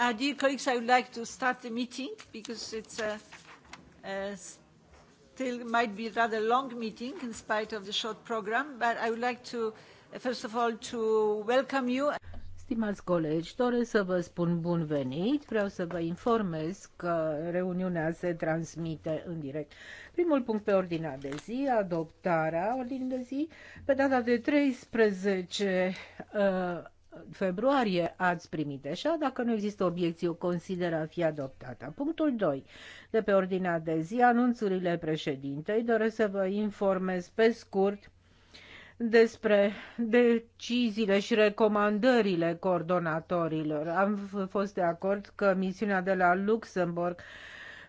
Uh, dear colleagues, I would like to start the meeting because it's a, uh, a uh, still might be rather long meeting in spite of the short program, but I would like to, first of all, to welcome you. Stimați colegi, doresc să vă spun bun venit. Vreau să vă informez că reuniunea se transmite în direct. Primul punct pe ordinea de zi, adoptarea ordinii de zi, pe data de 13 uh, februarie ați primit deja. Dacă nu există obiecții, o consideră a fi adoptată. Punctul 2. De pe ordinea de zi, anunțurile președintei. Doresc să vă informez pe scurt despre deciziile și recomandările coordonatorilor. Am fost de acord că misiunea de la Luxemburg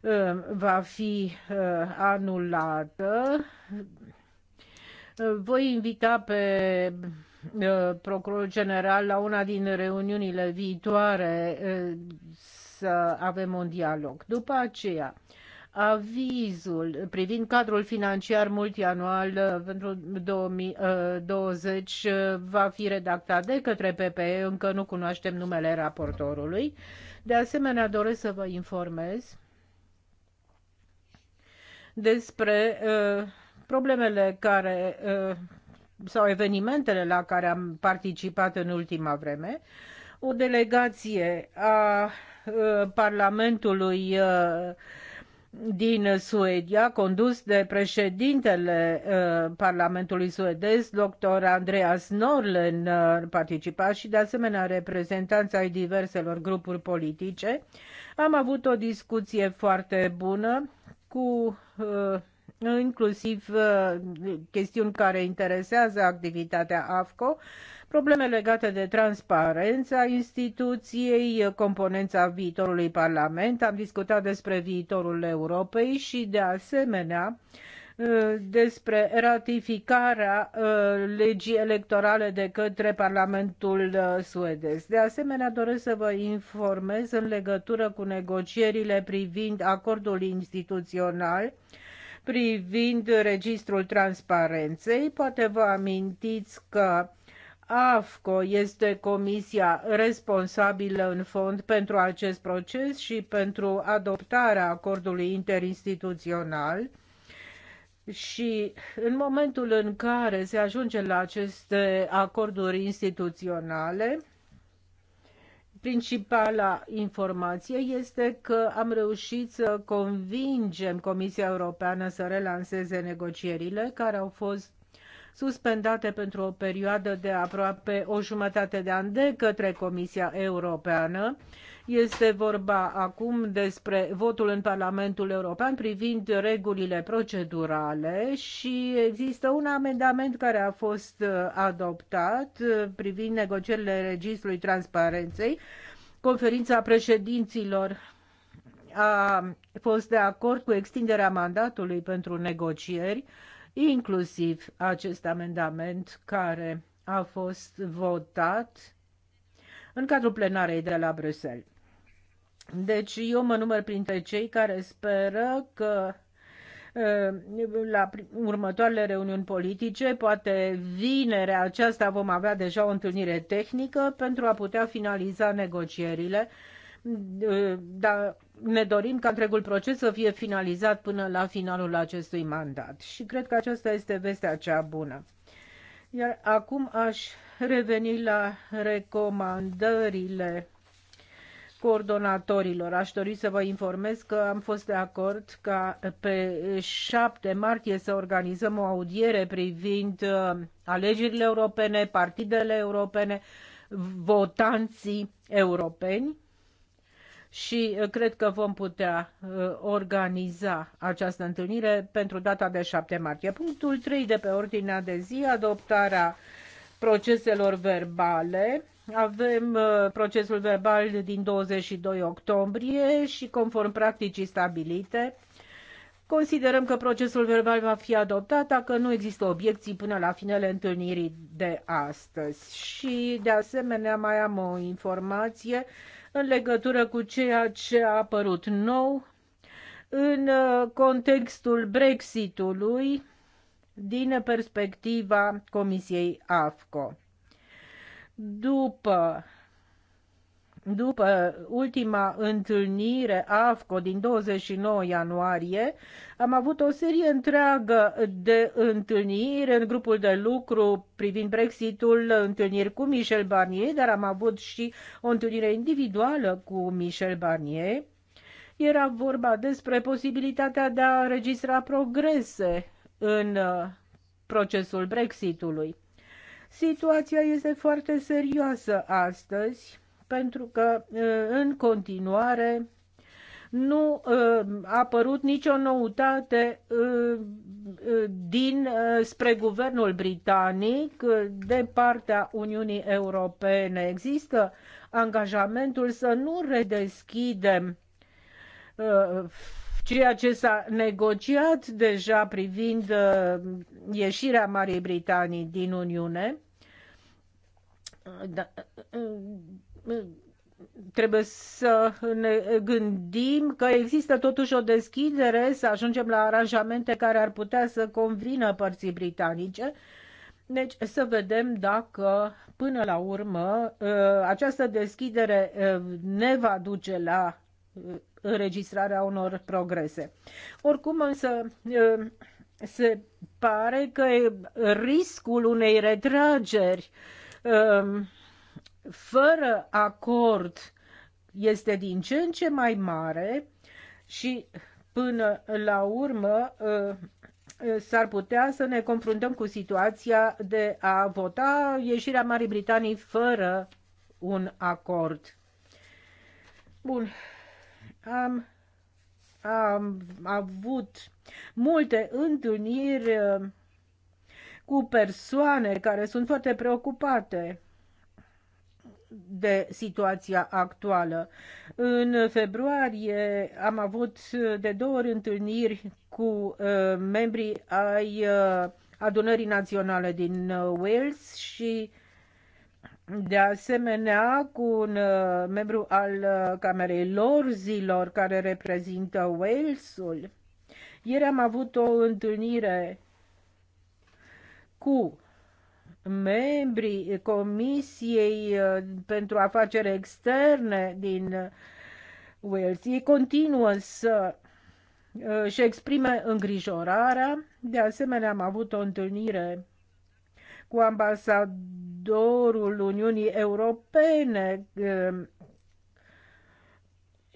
uh, va fi uh, anulată. Voi invita pe Uh, procurorul general la una din reuniunile viitoare uh, să avem un dialog. După aceea, avizul privind cadrul financiar multianual uh, pentru 2020 va fi redactat de către PPE, încă nu cunoaștem numele raportorului. De asemenea, doresc să vă informez despre uh, problemele care uh, sau evenimentele la care am participat în ultima vreme, o delegație a ă, Parlamentului ă, din Suedia, condus de președintele ă, Parlamentului suedez, dr. Andreas Norlen, participa și de asemenea reprezentanța ai diverselor grupuri politice. Am avut o discuție foarte bună cu inclusiv uh, chestiuni care interesează activitatea AFCO, probleme legate de transparența instituției, componența viitorului Parlament. Am discutat despre viitorul Europei și, de asemenea, uh, despre ratificarea uh, legii electorale de către Parlamentul suedez. De asemenea, doresc să vă informez în legătură cu negocierile privind acordul instituțional privind registrul transparenței. Poate vă amintiți că AFCO este comisia responsabilă în fond pentru acest proces și pentru adoptarea acordului interinstituțional. Și în momentul în care se ajunge la aceste acorduri instituționale, Principala informație este că am reușit să convingem Comisia Europeană să relanseze negocierile care au fost suspendate pentru o perioadă de aproape o jumătate de an de către Comisia Europeană este vorba acum despre votul în Parlamentul European privind regulile procedurale și există un amendament care a fost uh, adoptat uh, privind negocierile Registrului Transparenței. Conferința președinților a fost de acord cu extinderea mandatului pentru negocieri, inclusiv acest amendament care a fost votat în cadrul plenarei de la Bruxelles. Deci eu mă număr printre cei care speră că la următoarele reuniuni politice, poate vinerea aceasta vom avea deja o întâlnire tehnică pentru a putea finaliza negocierile, dar ne dorim ca întregul proces să fie finalizat până la finalul acestui mandat și cred că aceasta este vestea cea bună. Iar acum aș reveni la recomandările coordonatorilor. Aș dori să vă informez că am fost de acord ca pe 7 martie să organizăm o audiere privind uh, alegerile europene, partidele europene, votanții europeni și uh, cred că vom putea uh, organiza această întâlnire pentru data de 7 martie. Punctul 3 de pe ordinea de zi, adoptarea proceselor verbale avem uh, procesul verbal din 22 octombrie și conform practicii stabilite, Considerăm că procesul verbal va fi adoptat dacă nu există obiecții până la finele întâlnirii de astăzi. Și, de asemenea, mai am o informație în legătură cu ceea ce a apărut nou în uh, contextul Brexitului din perspectiva Comisiei AFCO după după ultima întâlnire AFCO din 29 ianuarie, am avut o serie întreagă de întâlniri în grupul de lucru privind Brexitul, întâlniri cu Michel Barnier, dar am avut și o întâlnire individuală cu Michel Barnier. Era vorba despre posibilitatea de a registra progrese în uh, procesul Brexitului. Situația este foarte serioasă astăzi pentru că uh, în continuare nu uh, a apărut nicio noutate uh, din spre guvernul britanic de partea Uniunii Europene. Există angajamentul să nu redeschidem ceea ce s-a negociat deja privind uh, ieșirea Marii Britanii din Uniune. Da, uh, uh, trebuie să ne gândim că există totuși o deschidere să ajungem la aranjamente care ar putea să convină părții britanice. Deci să vedem dacă până la urmă această deschidere ne va duce la înregistrarea unor progrese. Oricum însă se pare că riscul unei retrageri fără acord este din ce în ce mai mare și până la urmă s-ar putea să ne confruntăm cu situația de a vota ieșirea Marii Britanii fără un acord. Bun, am, am avut multe întâlniri uh, cu persoane care sunt foarte preocupate de situația actuală. În februarie am avut de două ori întâlniri cu uh, membrii ai uh, Adunării Naționale din uh, Wales și de asemenea cu un uh, membru al uh, Camerei Lorzilor care reprezintă Walesul. Ieri am avut o întâlnire cu membrii Comisiei uh, pentru Afaceri Externe din Wales. Ei continuă să își exprime îngrijorarea. De asemenea, am avut o întâlnire cu ambasadorul Uniunii Europene um,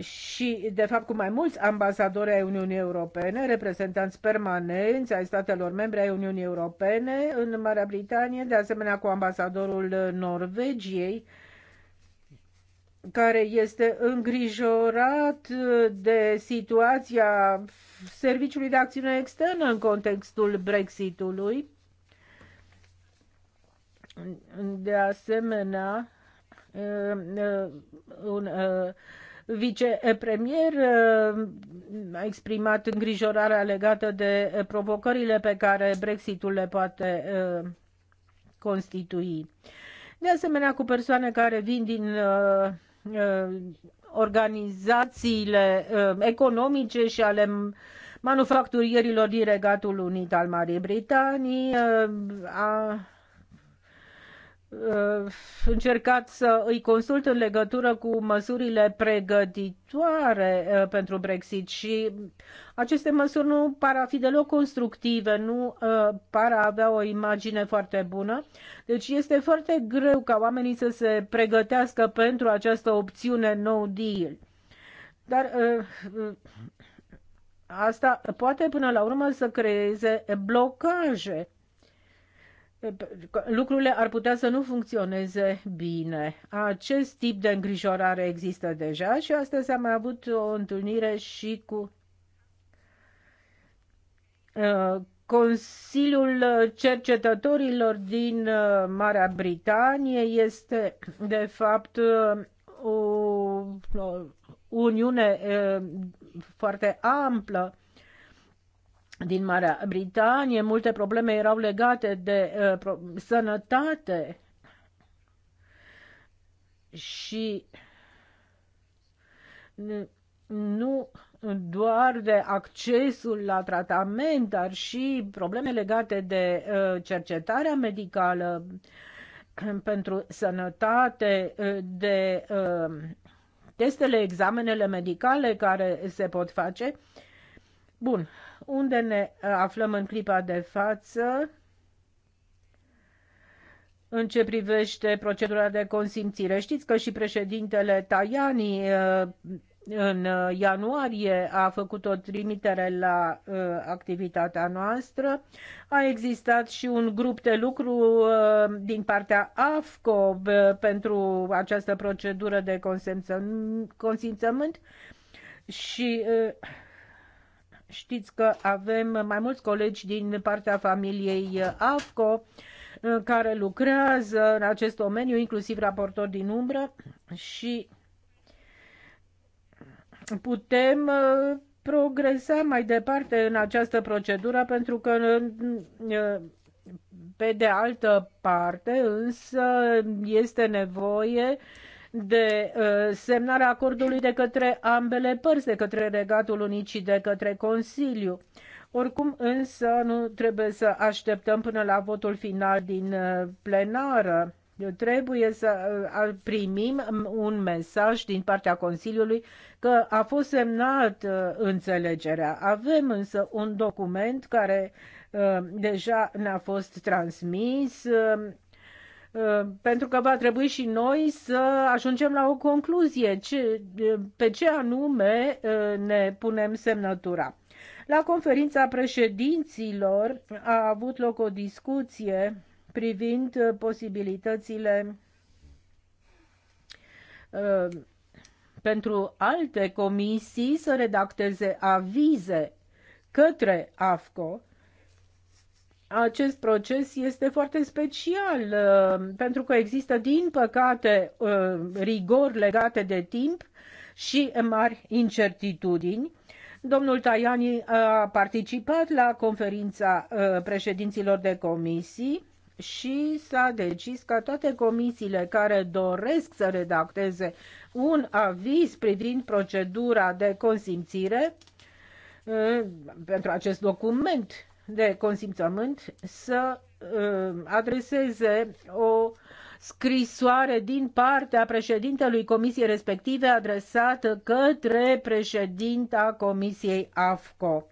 și, de fapt, cu mai mulți ambasadori ai Uniunii Europene, reprezentanți permanenți ai statelor membre ai Uniunii Europene în Marea Britanie, de asemenea cu ambasadorul Norvegiei, care este îngrijorat de situația Serviciului de Acțiune Externă în contextul Brexitului de asemenea, eh, un eh, vicepremier eh, a exprimat îngrijorarea legată de provocările pe care Brexitul le poate constitui. De asemenea, cu persoane care vin din organizațiile economice și ale manufacturierilor din Regatul Unit al Marii Britanii, a Uh, încercat să îi consult în legătură cu măsurile pregătitoare uh, pentru Brexit și aceste măsuri nu par a fi deloc constructive, nu uh, par a avea o imagine foarte bună. Deci este foarte greu ca oamenii să se pregătească pentru această opțiune no deal. Dar asta poate până la urmă să creeze blocaje lucrurile ar putea să nu funcționeze bine. Acest tip de îngrijorare există deja și astăzi am mai avut o întâlnire și cu uh, Consiliul Cercetătorilor din uh, Marea Britanie este, de fapt, uh, o, o uniune foarte amplă din Marea Britanie, multe probleme erau legate de uh, pro- sănătate și nu doar de accesul la tratament, dar și probleme legate de uh, cercetarea medicală uh, pentru sănătate, uh, de uh, testele, examenele medicale care se pot face. Bun, unde ne uh, aflăm în clipa de față în ce privește procedura de consimțire. Știți că și președintele Tajani uh, în uh, ianuarie a făcut o trimitere la uh, activitatea noastră. A existat și un grup de lucru uh, din partea AFCO uh, pentru această procedură de consimțământ și uh, Știți că avem mai mulți colegi din partea familiei AFCO uh, care lucrează în acest domeniu, inclusiv raportori din umbră și putem uh, progresa mai departe în această procedură pentru că uh, pe de altă parte însă este nevoie de uh, semnarea acordului de către ambele părți, de către Regatul Unit și de către Consiliu. Oricum, însă, nu trebuie să așteptăm până la votul final din uh, plenară. Trebuie să uh, primim un mesaj din partea Consiliului că a fost semnat înțelegerea. Avem însă un document care deja ne-a fost transmis pentru că va trebui și noi să ajungem la o concluzie ce, pe ce anume uh, ne punem semnătura. La conferința președinților a avut loc o discuție privind uh, posibilitățile uh, pentru alte comisii să redacteze avize către AFCO acest proces este foarte special uh, pentru că există, din păcate, uh, rigori legate de timp și mari incertitudini. Domnul Tajani uh, a participat la conferința președinților de comisii și s-a decis ca toate comisiile care doresc să redacteze un aviz privind procedura de consimțire pentru acest document de consimțământ să uh, adreseze o scrisoare din partea președintelui comisiei respective adresată către președinta comisiei AFCO.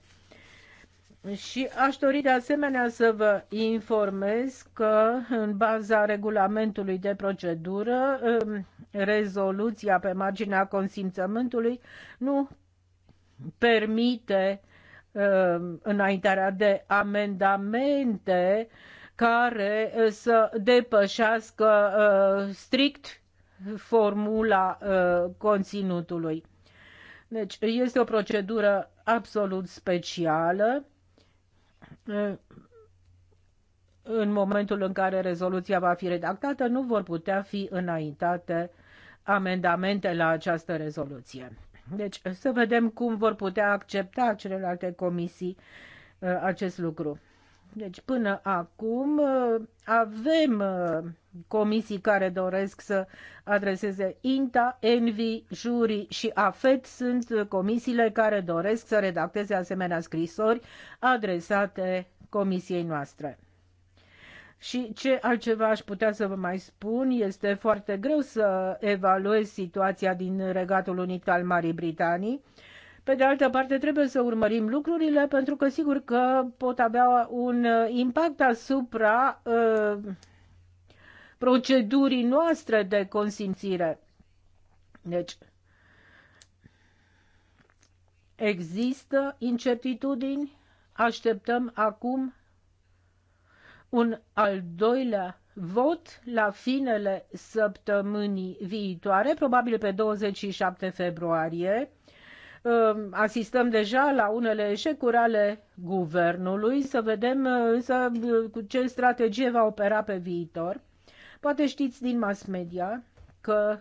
Și aș dori de asemenea să vă informez că în baza regulamentului de procedură, um, rezoluția pe marginea consimțământului nu permite Um, înaintarea de amendamente care uh, să depășească uh, strict formula uh, conținutului. Deci este o procedură absolut specială în momentul în care rezoluția va fi redactată, nu vor putea fi înaintate amendamente la această rezoluție. Deci să vedem cum vor putea accepta celelalte comisii uh, acest lucru. Deci până acum uh, avem uh, comisii care doresc să adreseze INTA, ENVI, Juri și AFET sunt comisiile care doresc să redacteze asemenea scrisori adresate comisiei noastre. Și ce altceva aș putea să vă mai spun? Este foarte greu să evaluez situația din Regatul Unit al Marii Britanii. Pe de altă parte, trebuie să urmărim lucrurile pentru că sigur că pot avea un uh, impact asupra uh, procedurii noastre de consimțire. Deci, există incertitudini, așteptăm acum un al doilea vot la finele săptămânii viitoare, probabil pe 27 februarie. Um, asistăm deja la unele eșecuri ale guvernului, să vedem uh, însă uh, cu ce strategie va opera pe viitor. Poate știți din mass media că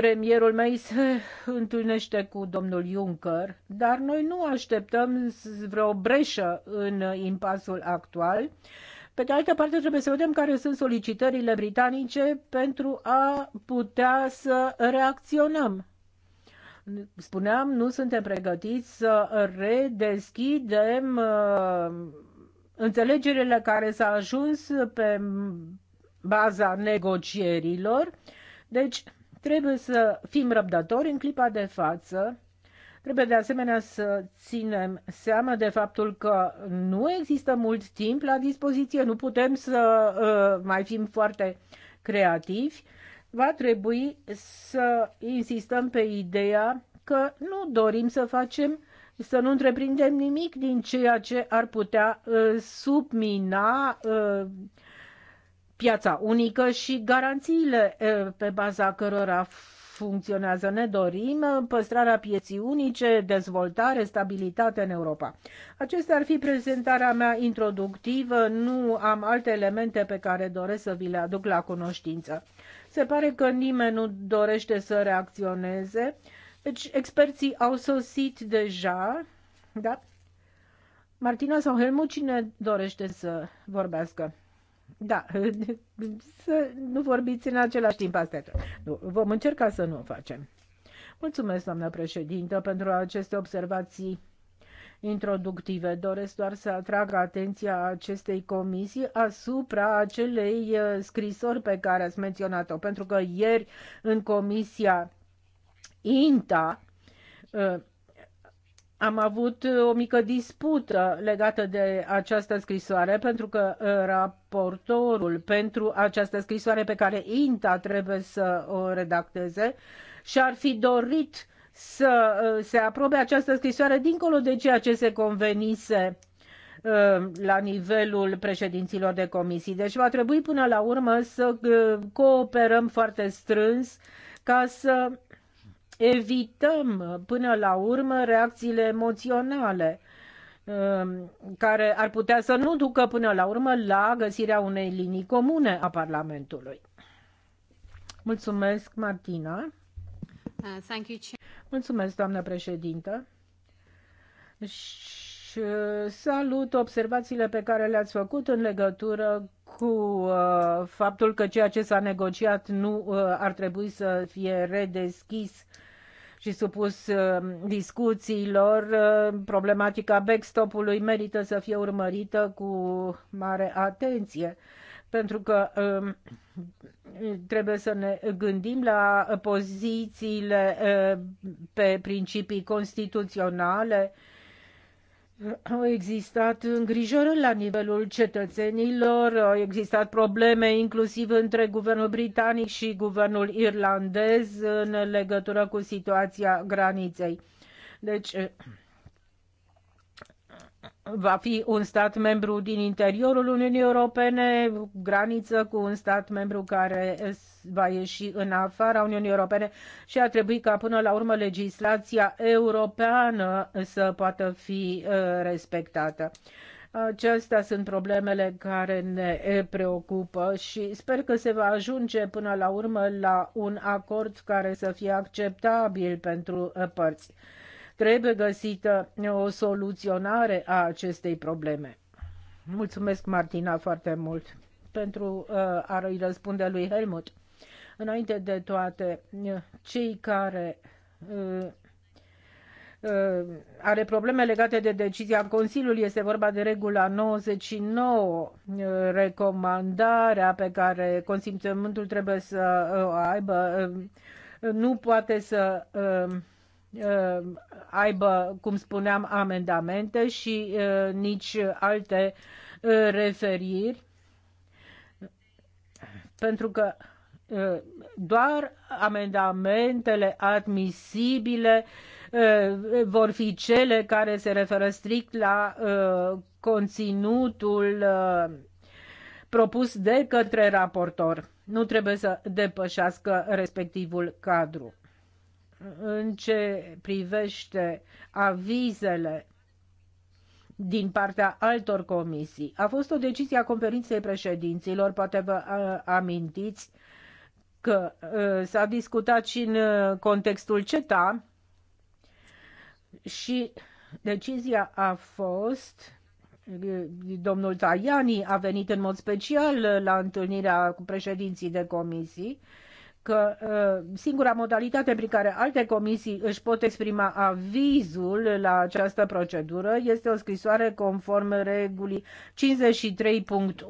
Premierul meu se întâlnește cu domnul Juncker, dar noi nu așteptăm vreo breșă în impasul actual. Pe de altă parte, trebuie să vedem care sunt solicitările britanice pentru a putea să reacționăm. Spuneam, nu suntem pregătiți să redeschidem uh, înțelegerile care s au ajuns pe baza negocierilor. Deci, Trebuie să fim răbdători în clipa de față. Trebuie de asemenea să ținem seama de faptul că nu există mult timp la dispoziție, nu putem să uh, mai fim foarte creativi. Va trebui să insistăm pe ideea că nu dorim să facem să nu întreprindem nimic din ceea ce ar putea uh, submina uh, piața unică și garanțiile pe baza cărora funcționează. Ne dorim păstrarea pieții unice, dezvoltare, stabilitate în Europa. Acesta ar fi prezentarea mea introductivă. Nu am alte elemente pe care doresc să vi le aduc la cunoștință. Se pare că nimeni nu dorește să reacționeze. Deci experții au sosit deja. Da? Martina sau Helmut, cine dorește să vorbească? Da, să nu vorbiți în același timp astea. Nu, vom încerca să nu o facem. Mulțumesc, doamnă președintă, pentru aceste observații introductive. Doresc doar să atrag atenția acestei comisii asupra acelei uh, scrisori pe care ați menționat-o, pentru că ieri în comisia INTA uh, am avut uh, o mică dispută legată de această scrisoare, pentru că uh, raportorul pentru această scrisoare pe care INTA trebuie să o redacteze și-ar fi dorit să uh, se aprobe această scrisoare dincolo de ceea ce se convenise la nivelul președinților de comisii. Deci va trebui până la urmă să cooperăm foarte strâns ca să evităm până la urmă reacțiile emoționale um, care ar putea să nu ducă până la urmă la găsirea unei linii comune a Parlamentului. Mulțumesc, Martina. Uh, thank you. Mulțumesc, doamnă președintă. Și uh, salut observațiile pe care le-ați făcut în legătură cu uh, faptul că ceea ce s-a negociat nu ar trebui să fie redeschis și supus uh, discuțiilor. Uh, problematica backstop-ului merită să fie urmărită cu mare atenție pentru că um, trebuie să ne gândim la pozițiile uh, pe principii constituționale au existat îngrijorări la nivelul cetățenilor, au existat probleme inclusiv între guvernul britanic și guvernul irlandez în legătură cu situația graniței. Deci, va fi un stat membru din interiorul Uniunii Europene, graniță cu un stat membru care va ieși în afara Uniunii Europene și a trebui ca până la urmă legislația europeană să poată fi uh, respectată. Acestea sunt problemele care ne preocupă și sper că se va ajunge până la urmă la un acord care să fie acceptabil pentru uh, părți. Trebuie găsită o soluționare a acestei probleme. Mulțumesc, Martina, foarte mult pentru uh, a i răspunde lui Helmut. Înainte de toate, cei care uh, uh, are probleme legate de decizia Consiliului. Este vorba de regula 99, recomandarea pe care consimțământul trebuie să o aibă, nu poate să Uh, aibă, cum spuneam, amendamente și uh, nici alte uh, referiri, pentru că doar amendamentele admisibile vor fi cele care se referă strict la conținutul propus de către raportor. Nu trebuie să depășească respectivul cadru în ce privește avizele din partea altor comisii. A fost o decizie a conferinței președinților, poate vă amintiți că s-a discutat și în contextul CETA și decizia a fost domnul Tajani a venit în mod special la întâlnirea cu președinții de comisii că uh, singura modalitate prin care alte comisii își pot exprima avizul la această procedură este o scrisoare conform regulii 53.1,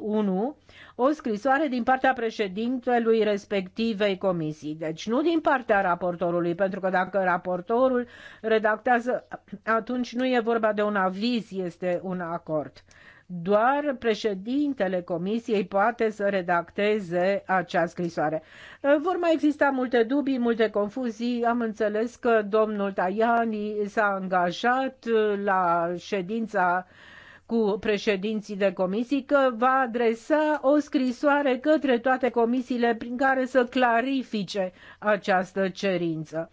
o scrisoare din partea președintelui respectivei comisii. Deci nu din partea raportorului, pentru că dacă raportorul redactează, atunci nu e vorba de un aviz, este un acord. Doar președintele comisiei poate să redacteze acea scrisoare. Eh, vor mai exista multe dubii, multe confuzii. Am înțeles că domnul Tajani s-a angajat eh, la ședința cu președinții de comisii că va adresa o scrisoare către toate comisiile prin care să clarifice această cerință.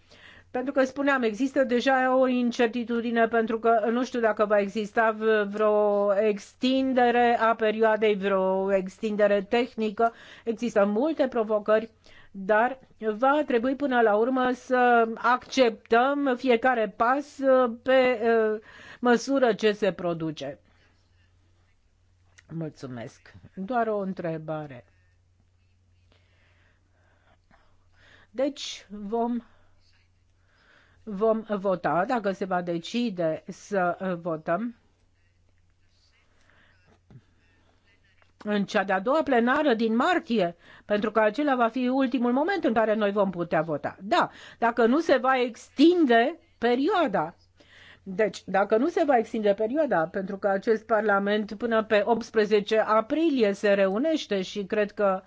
Pentru că spuneam, există deja o incertitudine pentru că nu știu dacă va exista vreo extindere a perioadei, vreo extindere tehnică. Există multe provocări, dar va trebui până la urmă să acceptăm fiecare pas uh, pe uh, măsură ce se produce. Mulțumesc. Doar o întrebare. Deci vom Vom vota, dacă se va decide să votăm, în cea de-a doua plenară din martie, pentru că acela va fi ultimul moment în care noi vom putea vota. Da, dacă nu se va extinde perioada. Deci, dacă nu se va extinde perioada, pentru că acest Parlament până pe 18 aprilie se reunește și cred că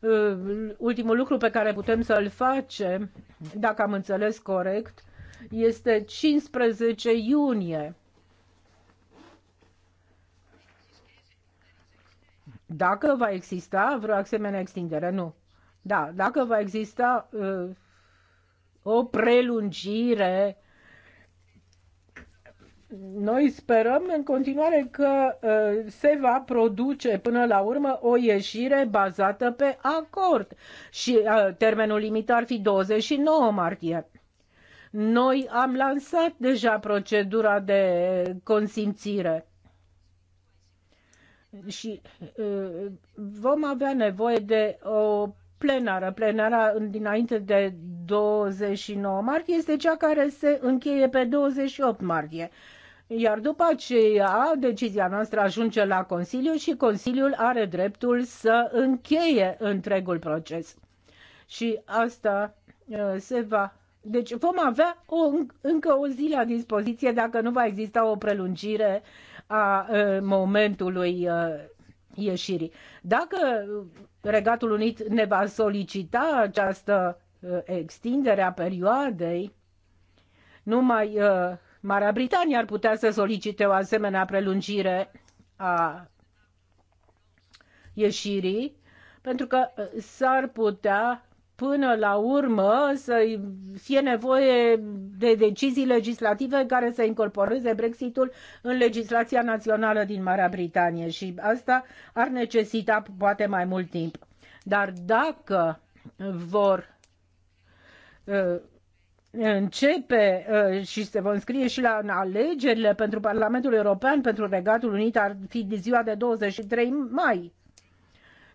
uh, ultimul lucru pe care putem să-l facem, dacă am înțeles corect, este 15 iunie. Dacă va exista vreo asemenea extindere, nu. Da, dacă va exista uh, o prelungire, noi sperăm în continuare că uh, se va produce până la urmă o ieșire bazată pe acord și uh, termenul limitar ar fi 29 martie. Noi am lansat deja procedura de consimțire și uh, vom avea nevoie de o plenară. Plenara dinainte de 29 martie este cea care se încheie pe 28 martie. Iar după aceea, decizia noastră ajunge la Consiliu și Consiliul are dreptul să încheie întregul proces. Și asta uh, se va deci vom avea o, încă o zi la dispoziție dacă nu va exista o prelungire a a momentului a, ieșirii. Dacă Regatul Unit ne va solicita această a, extindere a perioadei, numai a, Marea Britanie ar putea să solicite o asemenea prelungire a ieșirii, pentru că s-ar putea până la urmă să fie nevoie de decizii legislative care să incorporeze Brexitul în legislația națională din Marea Britanie și asta ar necesita poate mai mult timp. Dar dacă vor uh, începe uh, și se vor înscrie și la alegerile pentru Parlamentul European, pentru Regatul Unit, ar fi ziua de 23 mai.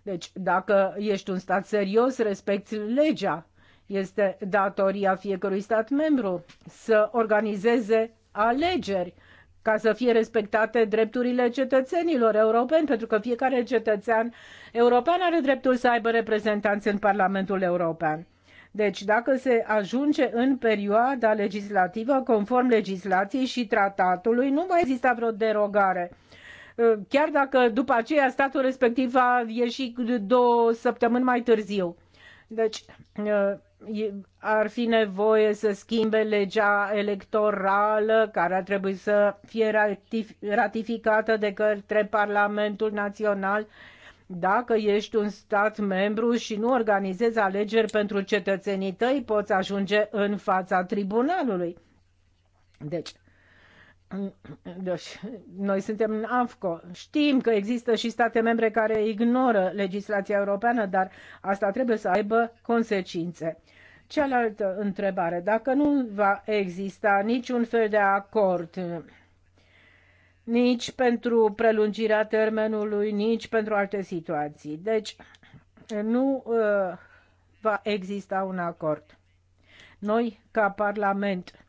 Deci, dacă ești un stat serios, respecti legea. Este datoria fiecărui stat membru să organizeze alegeri ca să fie respectate drepturile cetățenilor europeni, pentru că fiecare cetățean european are dreptul să aibă reprezentanți în Parlamentul European. Deci, dacă se ajunge în perioada legislativă, conform legislației și tratatului, nu mai există vreo derogare chiar dacă după aceea statul respectiv va ieși două săptămâni mai târziu. Deci uh, ar fi nevoie să schimbe legea electorală care ar trebui să fie ratificată de către Parlamentul Național dacă ești un stat membru și nu organizezi alegeri pentru cetățenii tăi, poți ajunge în fața tribunalului. Deci, deci, noi suntem în AFCO. Știm că există și state membre care ignoră legislația europeană, dar asta trebuie să aibă consecințe. Cealaltă întrebare, dacă nu va exista niciun fel de acord, nici pentru prelungirea termenului, nici pentru alte situații, deci nu uh, va exista un acord. Noi, ca Parlament,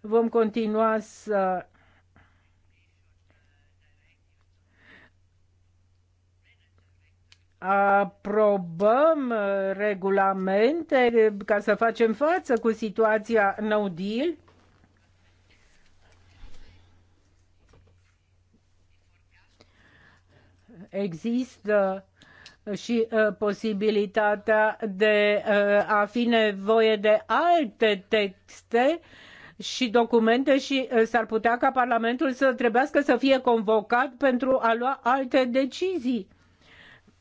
vom continua să aprobăm uh, regulamente uh, ca să facem față cu situația no deal? Există uh, și uh, posibilitatea de uh, a fi nevoie de alte texte și documente și uh, s-ar putea ca Parlamentul să trebuiască să fie convocat pentru a lua alte decizii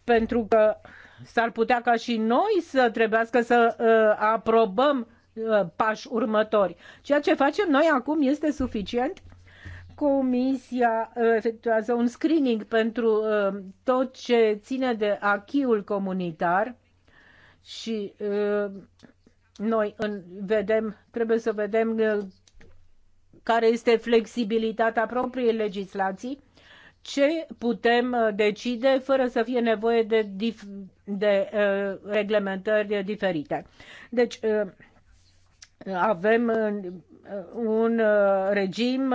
pentru că s-ar putea ca și noi să trebuiască să uh, aprobăm uh, pași următori. Ceea ce facem noi acum este suficient? Comisia uh, efectuează un screening pentru uh, tot ce ține de achiul comunitar și uh, noi în, vedem, trebuie să vedem uh, care este flexibilitatea propriei legislații ce putem uh, decide fără să fie nevoie de, dif- de uh, reglementări diferite. Deci, uh, avem uh, un uh, regim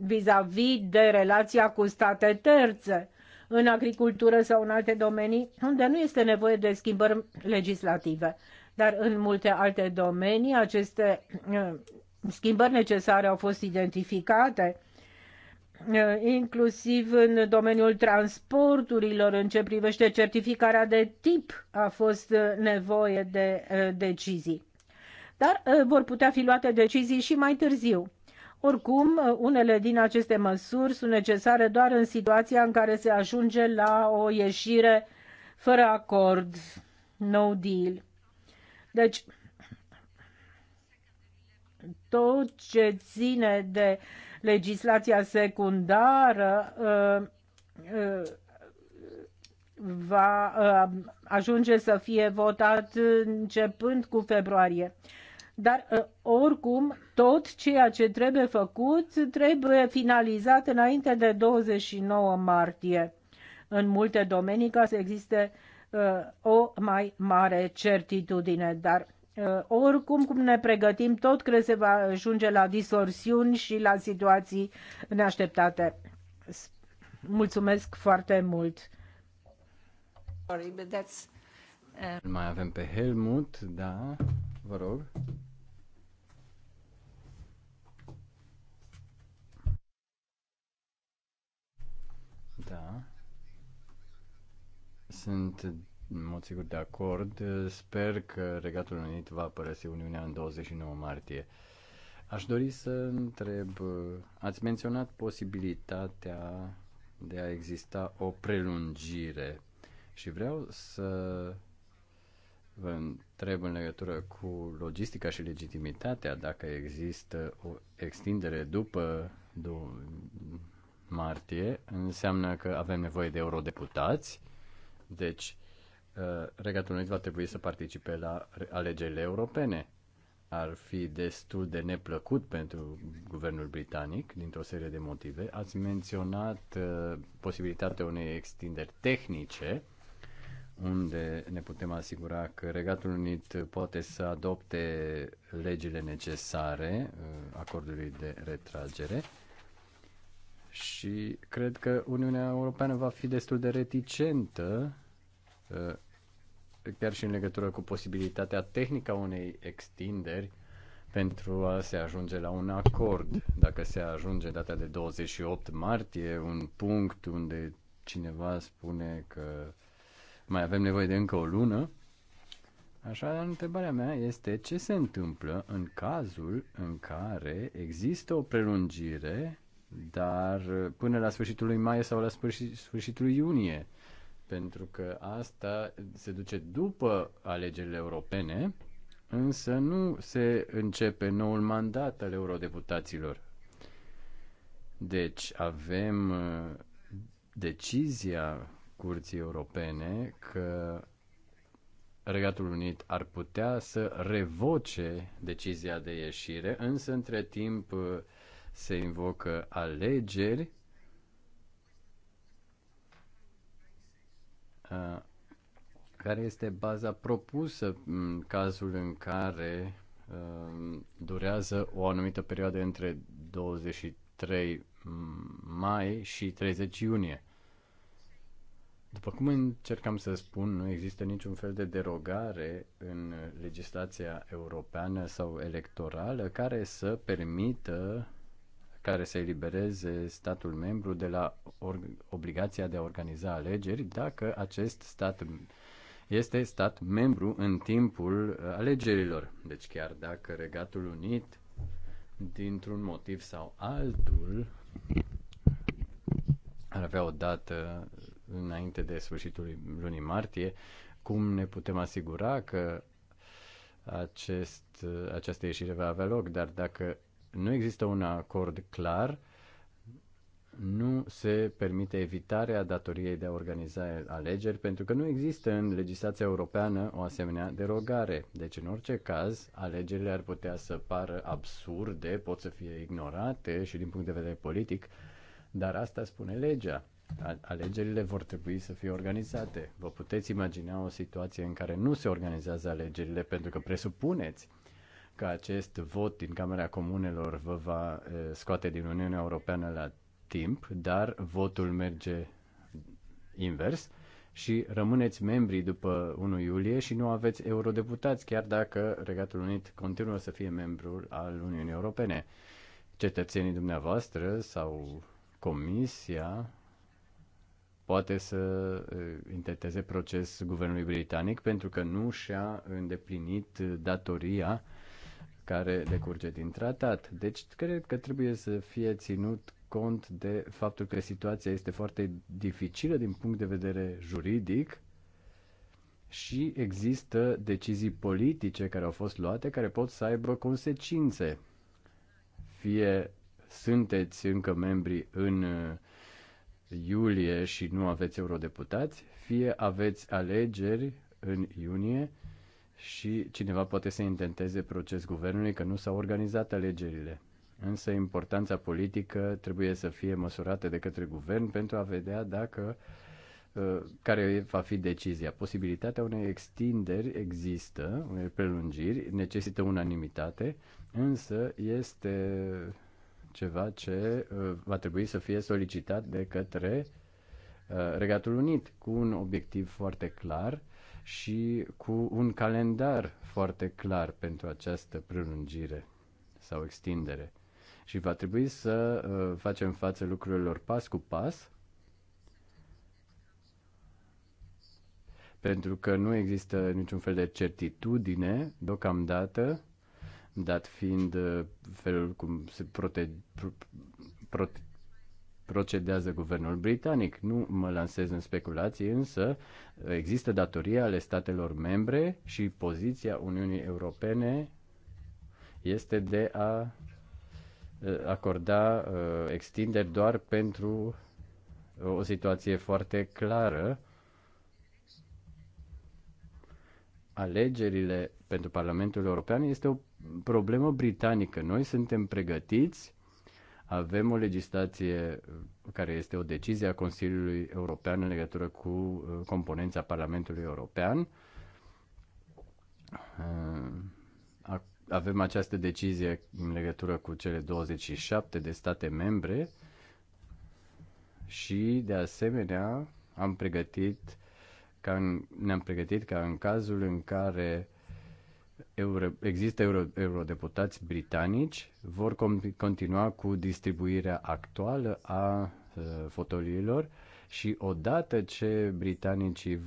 vis-a-vis -vis de relația cu state terțe în agricultură sau în alte domenii, unde nu este nevoie de schimbări legislative. Dar în multe alte domenii aceste schimbări necesare au fost identificate Eh, inclusiv în domeniul transporturilor, în ce privește certificarea de tip, a fost eh, nevoie de eh, decizii. Dar vor putea fi luate decizii și mai târziu. Oricum, unele din aceste măsuri sunt necesare doar în situația în care se ajunge la o ieșire fără acord, no deal. Deci, tot ce ține de uh, legislația secundară uh, uh, va uh, ajunge să fie votat începând cu februarie. Dar oricum, tot ceea ce trebuie făcut trebuie finalizat înainte de 29 martie. În multe domenii ca să existe o mai mare certitudine, dar Uh, oricum cum ne pregătim, tot cred se va ajunge la distorsiuni și la situații neașteptate. Mulțumesc foarte mult! Sorry, but that's, uh... Mai avem pe Helmut, da, vă rog. Da. Sunt în mod sigur de acord. Sper că Regatul Unit va părăsi Uniunea în 29 martie. Aș dori să întreb, ați menționat posibilitatea de a exista o prelungire și vreau să vă întreb în legătură cu logistica și legitimitatea dacă există o extindere după martie, înseamnă că avem nevoie de eurodeputați, deci Uh, Regatul Unit va trebui să participe la alegerile europene. Ar fi destul de neplăcut pentru guvernul britanic, dintr-o serie de motive. Ați menționat uh, posibilitatea unei extinderi tehnice, unde ne putem asigura că Regatul Unit poate să adopte legile necesare uh, acordului de retragere și cred că Uniunea Europeană va fi destul de reticentă chiar și în legătură cu posibilitatea tehnică a unei extinderi pentru a se ajunge la un acord. Dacă se ajunge data de 28 martie, un punct unde cineva spune că mai avem nevoie de încă o lună, Așa, întrebarea mea este ce se întâmplă în cazul în care există o prelungire, dar până la sfârșitul lui mai sau la sfârșitul iunie pentru că asta se duce după alegerile europene, însă nu se începe noul mandat al eurodeputaților. Deci avem uh, decizia Curții Europene că Regatul Unit ar putea să revoce decizia de ieșire, însă între timp uh, se invocă alegeri Uh, care este baza propusă în mm, cazul în care uh, durează o anumită perioadă între 23 mm, mai și 30 iunie. După cum încercam să spun, nu există niciun fel de derogare în legislația europeană sau electorală care să permită care să elibereze statul membru de la obligația de a organiza alegeri dacă acest stat este stat membru în timpul alegerilor. Deci chiar dacă Regatul Unit, dintr-un motiv sau altul, ar avea o dată înainte de sfârșitul lunii martie, cum ne putem asigura că acest, această ieșire va avea loc, dar dacă nu există un acord clar, nu se permite evitarea datoriei de a organiza alegeri, pentru că nu există în legislația europeană o asemenea derogare. Deci, în orice caz, alegerile ar putea să pară absurde, pot să fie ignorate și din punct de vedere politic, dar asta spune legea. Alegerile vor trebui să fie organizate. Vă puteți imagina o situație în care nu se organizează alegerile pentru că presupuneți că acest vot din Camera Comunelor vă va scoate din Uniunea Europeană la timp, dar votul merge invers și rămâneți membri după 1 iulie și nu aveți eurodeputați, chiar dacă Regatul Unit continuă să fie membrul al Uniunii Europene. Cetățenii dumneavoastră sau Comisia poate să inteteze proces guvernului britanic pentru că nu și-a îndeplinit datoria care decurge din tratat. Deci, cred că trebuie să fie ținut cont de faptul că situația este foarte dificilă din punct de vedere juridic și există decizii politice care au fost luate care pot să aibă consecințe. Fie sunteți încă membri în uh, iulie și nu aveți eurodeputați, fie aveți alegeri în iunie și cineva poate să intenteze proces guvernului că nu s-au organizat alegerile. Însă importanța politică trebuie să fie măsurată de către guvern pentru a vedea dacă uh, care va fi decizia. Posibilitatea unei extinderi există, unei prelungiri, necesită unanimitate, însă este ceva ce uh, va trebui să fie solicitat de către uh, Regatul Unit cu un obiectiv foarte clar și cu un calendar foarte clar pentru această prelungire sau extindere. Și va trebui să uh, facem față lucrurilor pas cu pas, pentru că nu există niciun fel de certitudine deocamdată, dat fiind uh, felul cum se prote, prote, procedează guvernul britanic. Nu mă lansez în speculații, însă există datoria ale statelor membre și poziția Uniunii Europene este de a eh, acorda eh, extinderi doar pentru o situație foarte clară. Alegerile pentru Parlamentul European este o problemă britanică. Noi suntem pregătiți avem o legislație uh, care este o decizie a Consiliului European în legătură cu uh, componența Parlamentului European. Uh, avem această decizie în legătură cu cele 27 de state membre și, de asemenea, am pregătit ca în, ne-am pregătit ca în cazul în care euro, există euro, eurodeputați britanici, vor continua cu distribuirea actuală a uh, fotoliilor și odată ce britanicii,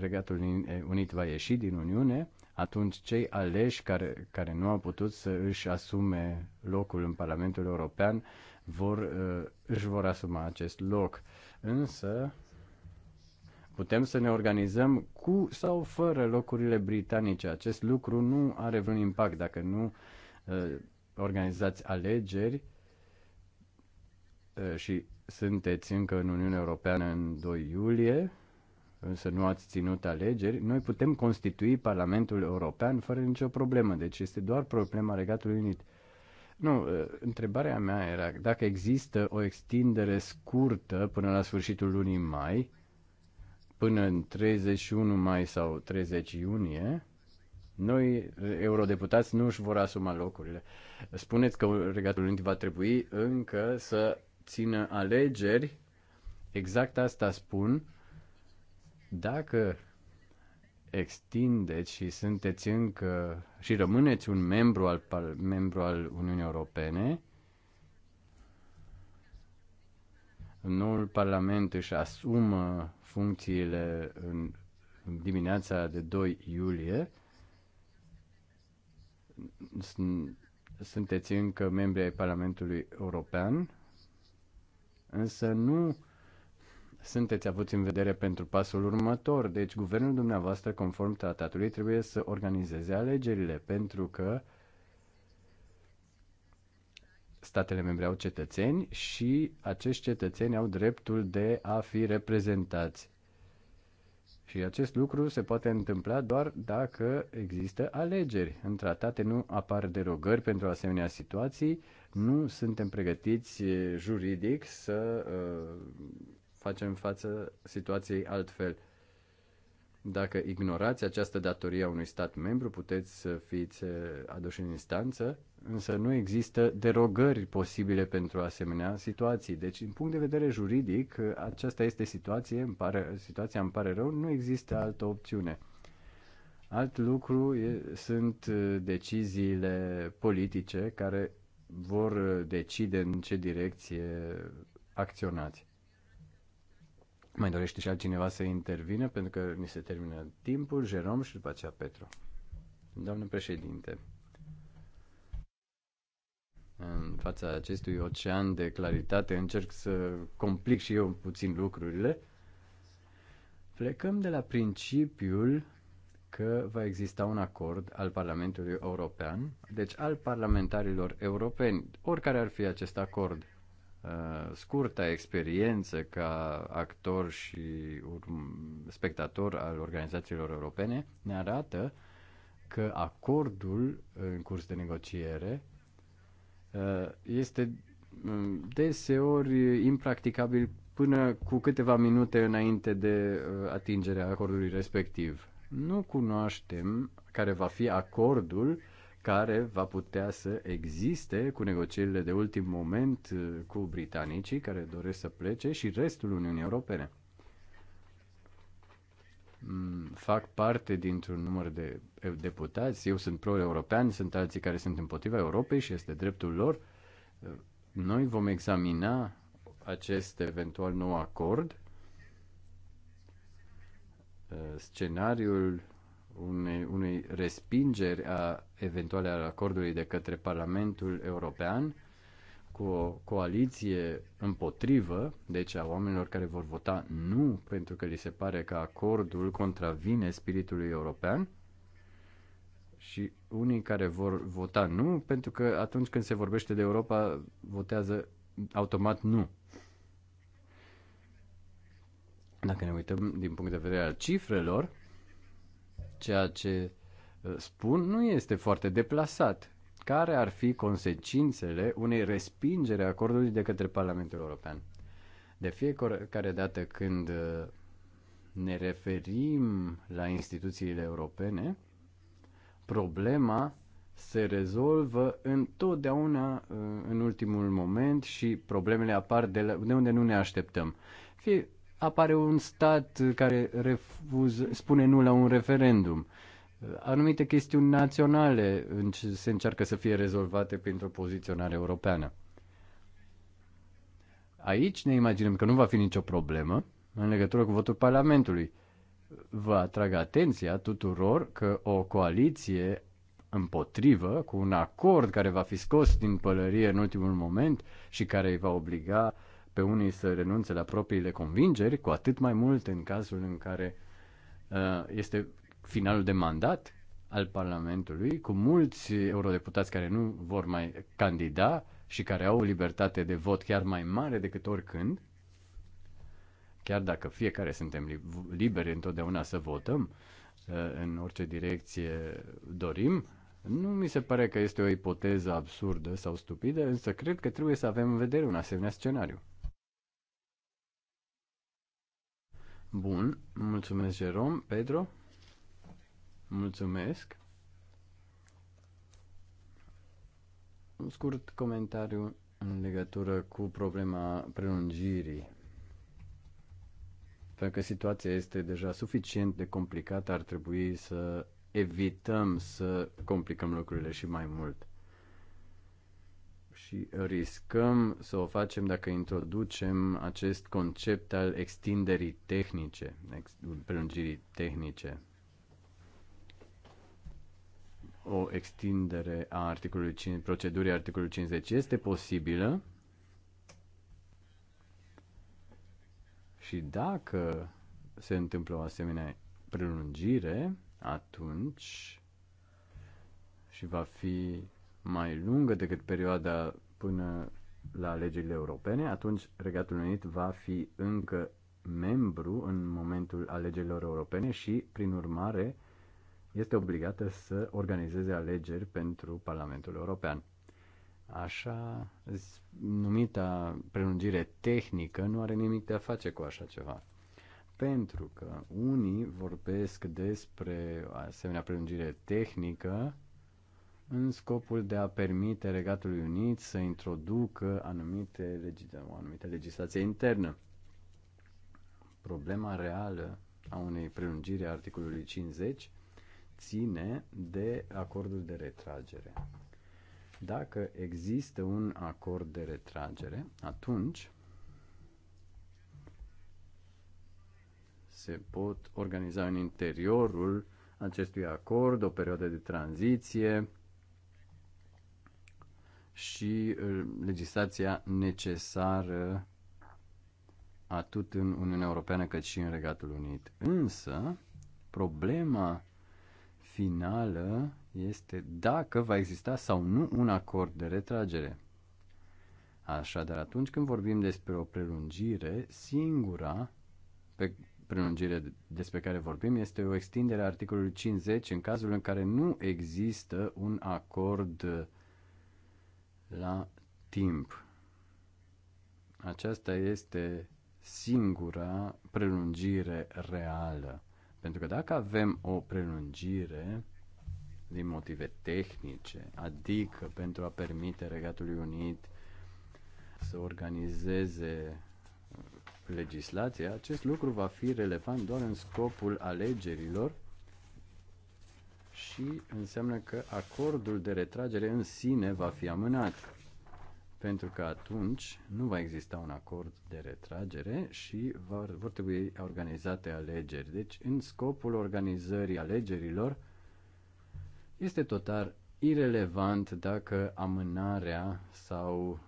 Regatul Unit va ieși din Uniune, atunci cei aleși care, care nu au putut să își asume locul în Parlamentul European vor, uh, își vor asuma acest loc. Însă, Putem să ne organizăm cu sau fără locurile britanice. Acest lucru nu are vreun impact dacă nu uh, organizați alegeri uh, și sunteți încă în Uniunea Europeană în 2 iulie, însă nu ați ținut alegeri, noi putem constitui Parlamentul European fără nicio problemă. Deci este doar problema Regatului Unit. Nu, uh, întrebarea mea era dacă există o extindere scurtă până la sfârșitul lunii mai până în 31 mai sau 30 iunie, noi, eurodeputați, nu își vor asuma locurile. Spuneți că Regatul Unit va trebui încă să țină alegeri. Exact asta spun. Dacă extindeți și sunteți încă și rămâneți un membru al, membru al Uniunii Europene, noul Parlament își asumă funcțiile în dimineața de 2 iulie. Sunteți încă membri ai Parlamentului European, însă nu sunteți avuți în vedere pentru pasul următor. Deci, guvernul dumneavoastră, conform tratatului, trebuie să organizeze alegerile, pentru că uh, statele membre au cetățeni și acești cetățeni au dreptul de a fi reprezentați. Și acest lucru se poate întâmpla doar dacă există alegeri. În tratate nu apar derogări pentru asemenea situații, nu suntem pregătiți juridic să uh, facem față situației altfel. Dacă ignorați această datorie a unui stat membru, puteți să fiți eh, aduși în instanță, însă nu există derogări posibile pentru asemenea situații. Deci, din punct de vedere juridic, eh, aceasta este situație, îmi pare, situația îmi pare rău, nu există altă opțiune. Alt lucru e, sunt eh, deciziile politice care vor decide în ce direcție acționați. Mai dorește și altcineva să intervină pentru că ni se termină timpul, Jerom și după aceea Petru. Doamne președinte, în fața acestui ocean de claritate încerc să complic și eu puțin lucrurile. Plecăm de la principiul că va exista un acord al Parlamentului European, deci al parlamentarilor europeni, oricare ar fi acest acord. Uh, scurta experiență ca actor și spectator al organizațiilor europene ne arată că acordul în curs de negociere uh, este um, deseori impracticabil până cu câteva minute înainte de uh, atingerea acordului respectiv. Nu cunoaștem care va fi acordul care va putea să existe cu negocierile de ultim moment uh, cu britanicii care doresc să plece și restul Uniunii Europene. Mm, fac parte dintr-un număr de deputați, eu sunt pro-european, sunt alții care sunt împotriva Europei și este dreptul lor. Uh, noi vom examina acest eventual nou acord, uh, scenariul unei, unei respingeri a eventuale al acordului de către Parlamentul European cu o coaliție împotrivă, deci a oamenilor care vor vota nu pentru că li se pare că acordul contravine spiritului european și unii care vor vota nu pentru că atunci când se vorbește de Europa votează automat nu. Dacă ne uităm din punct de vedere al cifrelor, Ceea ce uh, spun nu este foarte deplasat. Care ar fi consecințele unei respingere a acordului de către Parlamentul European? De fiecare dată când uh, ne referim la instituțiile europene, problema se rezolvă întotdeauna uh, în ultimul moment și problemele apar de, la, de unde nu ne așteptăm. Fie apare un stat care refuz, spune nu la un referendum. Anumite chestiuni naționale se încearcă să fie rezolvate printr-o poziționare europeană. Aici ne imaginăm că nu va fi nicio problemă în legătură cu votul Parlamentului. Vă atrag atenția tuturor că o coaliție împotrivă, cu un acord care va fi scos din pălărie în ultimul moment și care îi va obliga pe unii să renunțe la propriile convingeri, cu atât mai mult în cazul în care uh, este finalul de mandat al Parlamentului, cu mulți eurodeputați care nu vor mai candida și care au o libertate de vot chiar mai mare decât oricând, chiar dacă fiecare suntem liberi întotdeauna să votăm uh, în orice direcție dorim, nu mi se pare că este o ipoteză absurdă sau stupidă, însă cred că trebuie să avem în vedere un asemenea scenariu. Bun, mulțumesc Jerome, Pedro. Mulțumesc. Un scurt comentariu în legătură cu problema prelungirii. Pentru că situația este deja suficient de complicată, ar trebui să evităm să complicăm lucrurile și mai mult și riscăm să o facem dacă introducem acest concept al extinderii tehnice, prelungirii tehnice. O extindere a articolului 5, procedurii articolului 50 este posibilă și dacă se întâmplă o asemenea prelungire, atunci și va fi mai lungă decât perioada până la alegerile europene, atunci Regatul Unit va fi încă membru în momentul alegerilor europene și, prin urmare, este obligată să organizeze alegeri pentru Parlamentul European. Așa numita prelungire tehnică nu are nimic de a face cu așa ceva. Pentru că unii vorbesc despre asemenea prelungire tehnică în scopul de a permite Regatului Unit să introducă anumite, legi, o anumite legislație internă. Problema reală a unei prelungiri a articolului 50 ține de acordul de retragere. Dacă există un acord de retragere, atunci se pot organiza în interiorul acestui acord o perioadă de tranziție, și uh, legislația necesară atât în Uniunea Europeană cât și în Regatul Unit. Însă, problema finală este dacă va exista sau nu un acord de retragere. Așadar, atunci când vorbim despre o prelungire, singura pe prelungire despre care vorbim este o extindere a articolului 50 în cazul în care nu există un acord la timp. Aceasta este singura prelungire reală. Pentru că dacă avem o prelungire din motive tehnice, adică pentru a permite Regatului Unit să organizeze uh, legislația, acest lucru va fi relevant doar în scopul alegerilor și înseamnă că acordul de retragere în sine va fi amânat. Pentru că atunci nu va exista un acord de retragere și vor, vor trebui organizate alegeri. Deci, în scopul organizării alegerilor, este total irelevant dacă amânarea sau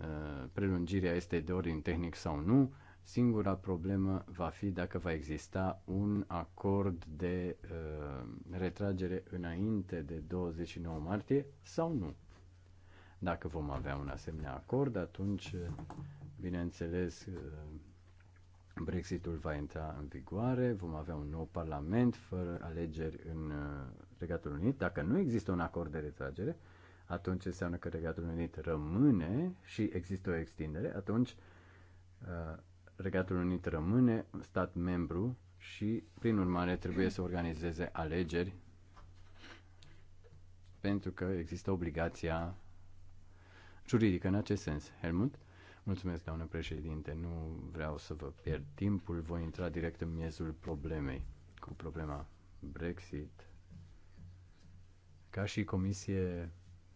uh, prelungirea este de ordin tehnic sau nu. Singura problemă va fi dacă va exista un acord de uh, retragere înainte de 29 martie sau nu. Dacă vom avea un asemenea acord, atunci, uh, bineînțeles, uh, Brexitul va intra în vigoare, vom avea un nou parlament fără alegeri în uh, Regatul Unit. Dacă nu există un acord de retragere, atunci înseamnă că Regatul Unit rămâne și există o extindere, atunci uh, Regatul Unit rămâne stat membru și, prin urmare, trebuie să organizeze alegeri pentru că există obligația juridică în acest sens. Helmut? Mulțumesc, doamnă președinte. Nu vreau să vă pierd timpul. Voi intra direct în miezul problemei cu problema Brexit. Ca și comisie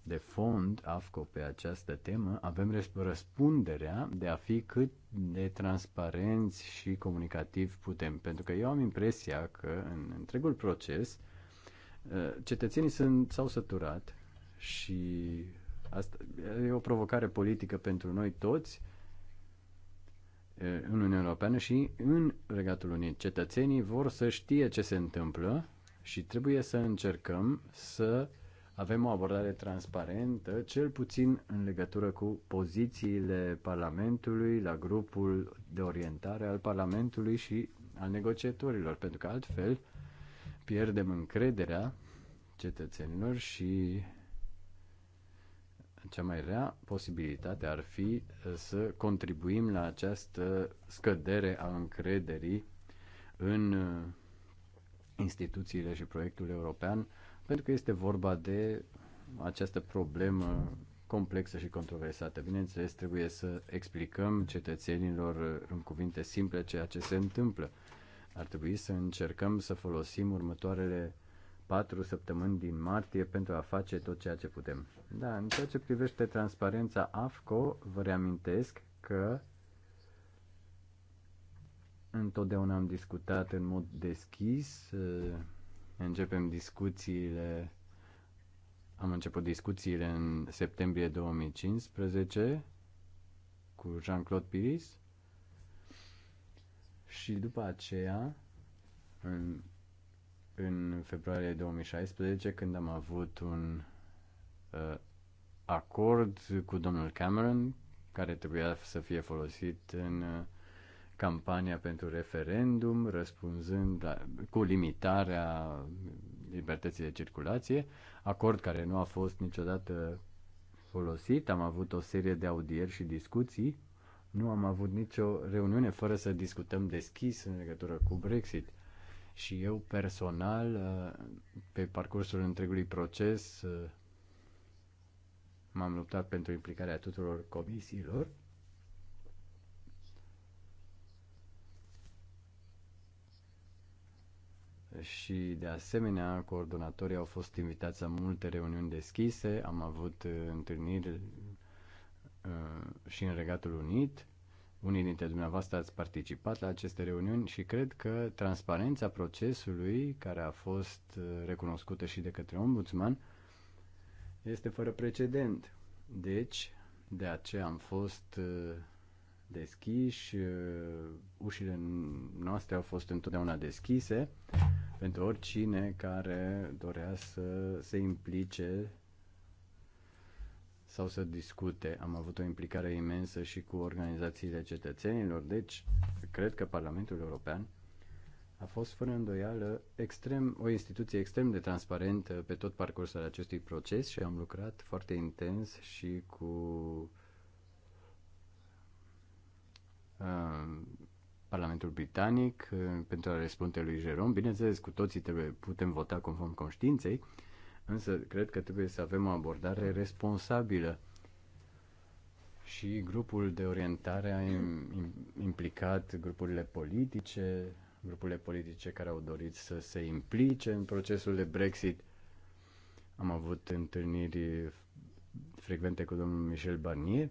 de fond AFCO pe această temă, avem răspunderea de a fi cât de transparenți și comunicativ putem. Pentru că eu am impresia că în întregul proces ă, cetățenii sunt, s-au săturat și asta e o provocare politică pentru noi toți ă, în Uniunea Europeană și în Regatul Unit. Cetățenii vor să știe ce se întâmplă și trebuie să încercăm să uh, avem o abordare transparentă, cel puțin în legătură cu pozițiile Parlamentului la grupul de orientare al Parlamentului și al negociatorilor, pentru că altfel pierdem încrederea cetățenilor și cea mai rea posibilitate ar fi uh, să contribuim la această scădere a încrederii în uh, instituțiile și proiectul european, pentru că este vorba de această problemă complexă și controversată. Bineînțeles, trebuie să explicăm cetățenilor în cuvinte simple ceea ce se întâmplă. Ar trebui să încercăm să folosim următoarele patru săptămâni din martie pentru a face tot ceea ce putem. Da, în ceea ce privește transparența AFCO, vă reamintesc că Întotdeauna am discutat în mod deschis. Uh, începem discuțiile. Am început discuțiile în septembrie 2015 cu Jean-Claude Piris și după aceea în, în februarie 2016 când am avut un uh, acord cu domnul Cameron care trebuia să fie folosit în uh, campania pentru referendum, răspunzând la, cu limitarea libertății de circulație, acord care nu a fost niciodată folosit. Am avut o serie de audieri și discuții. Nu am avut nicio reuniune fără să discutăm deschis în legătură cu Brexit. Și eu personal, uh, pe parcursul întregului proces, uh, m-am luptat pentru implicarea tuturor comisiilor și de asemenea coordonatorii au fost invitați la multe reuniuni deschise, am avut uh, întâlniri uh, și în Regatul Unit. Unii dintre dumneavoastră ați participat la aceste reuniuni și cred că transparența procesului, care a fost uh, recunoscută și de către ombudsman, este fără precedent. Deci, de aceea am fost deschiși, ușile noastre au fost întotdeauna deschise pentru oricine care dorea să se implice sau să discute. Am avut o implicare imensă și cu organizațiile cetățenilor, deci cred că Parlamentul European a fost fără îndoială extrem, o instituție extrem de transparentă pe tot parcursul acestui proces și am lucrat foarte intens și cu um, Parlamentul Britanic uh, pentru a răspunde lui Jerome. Bineînțeles, cu toții trebuie, putem vota conform conștiinței, însă cred că trebuie să avem o abordare responsabilă și grupul de orientare a implicat grupurile politice, grupurile politice care au dorit să se implice în procesul de Brexit. Am avut întâlniri frecvente cu domnul Michel Barnier,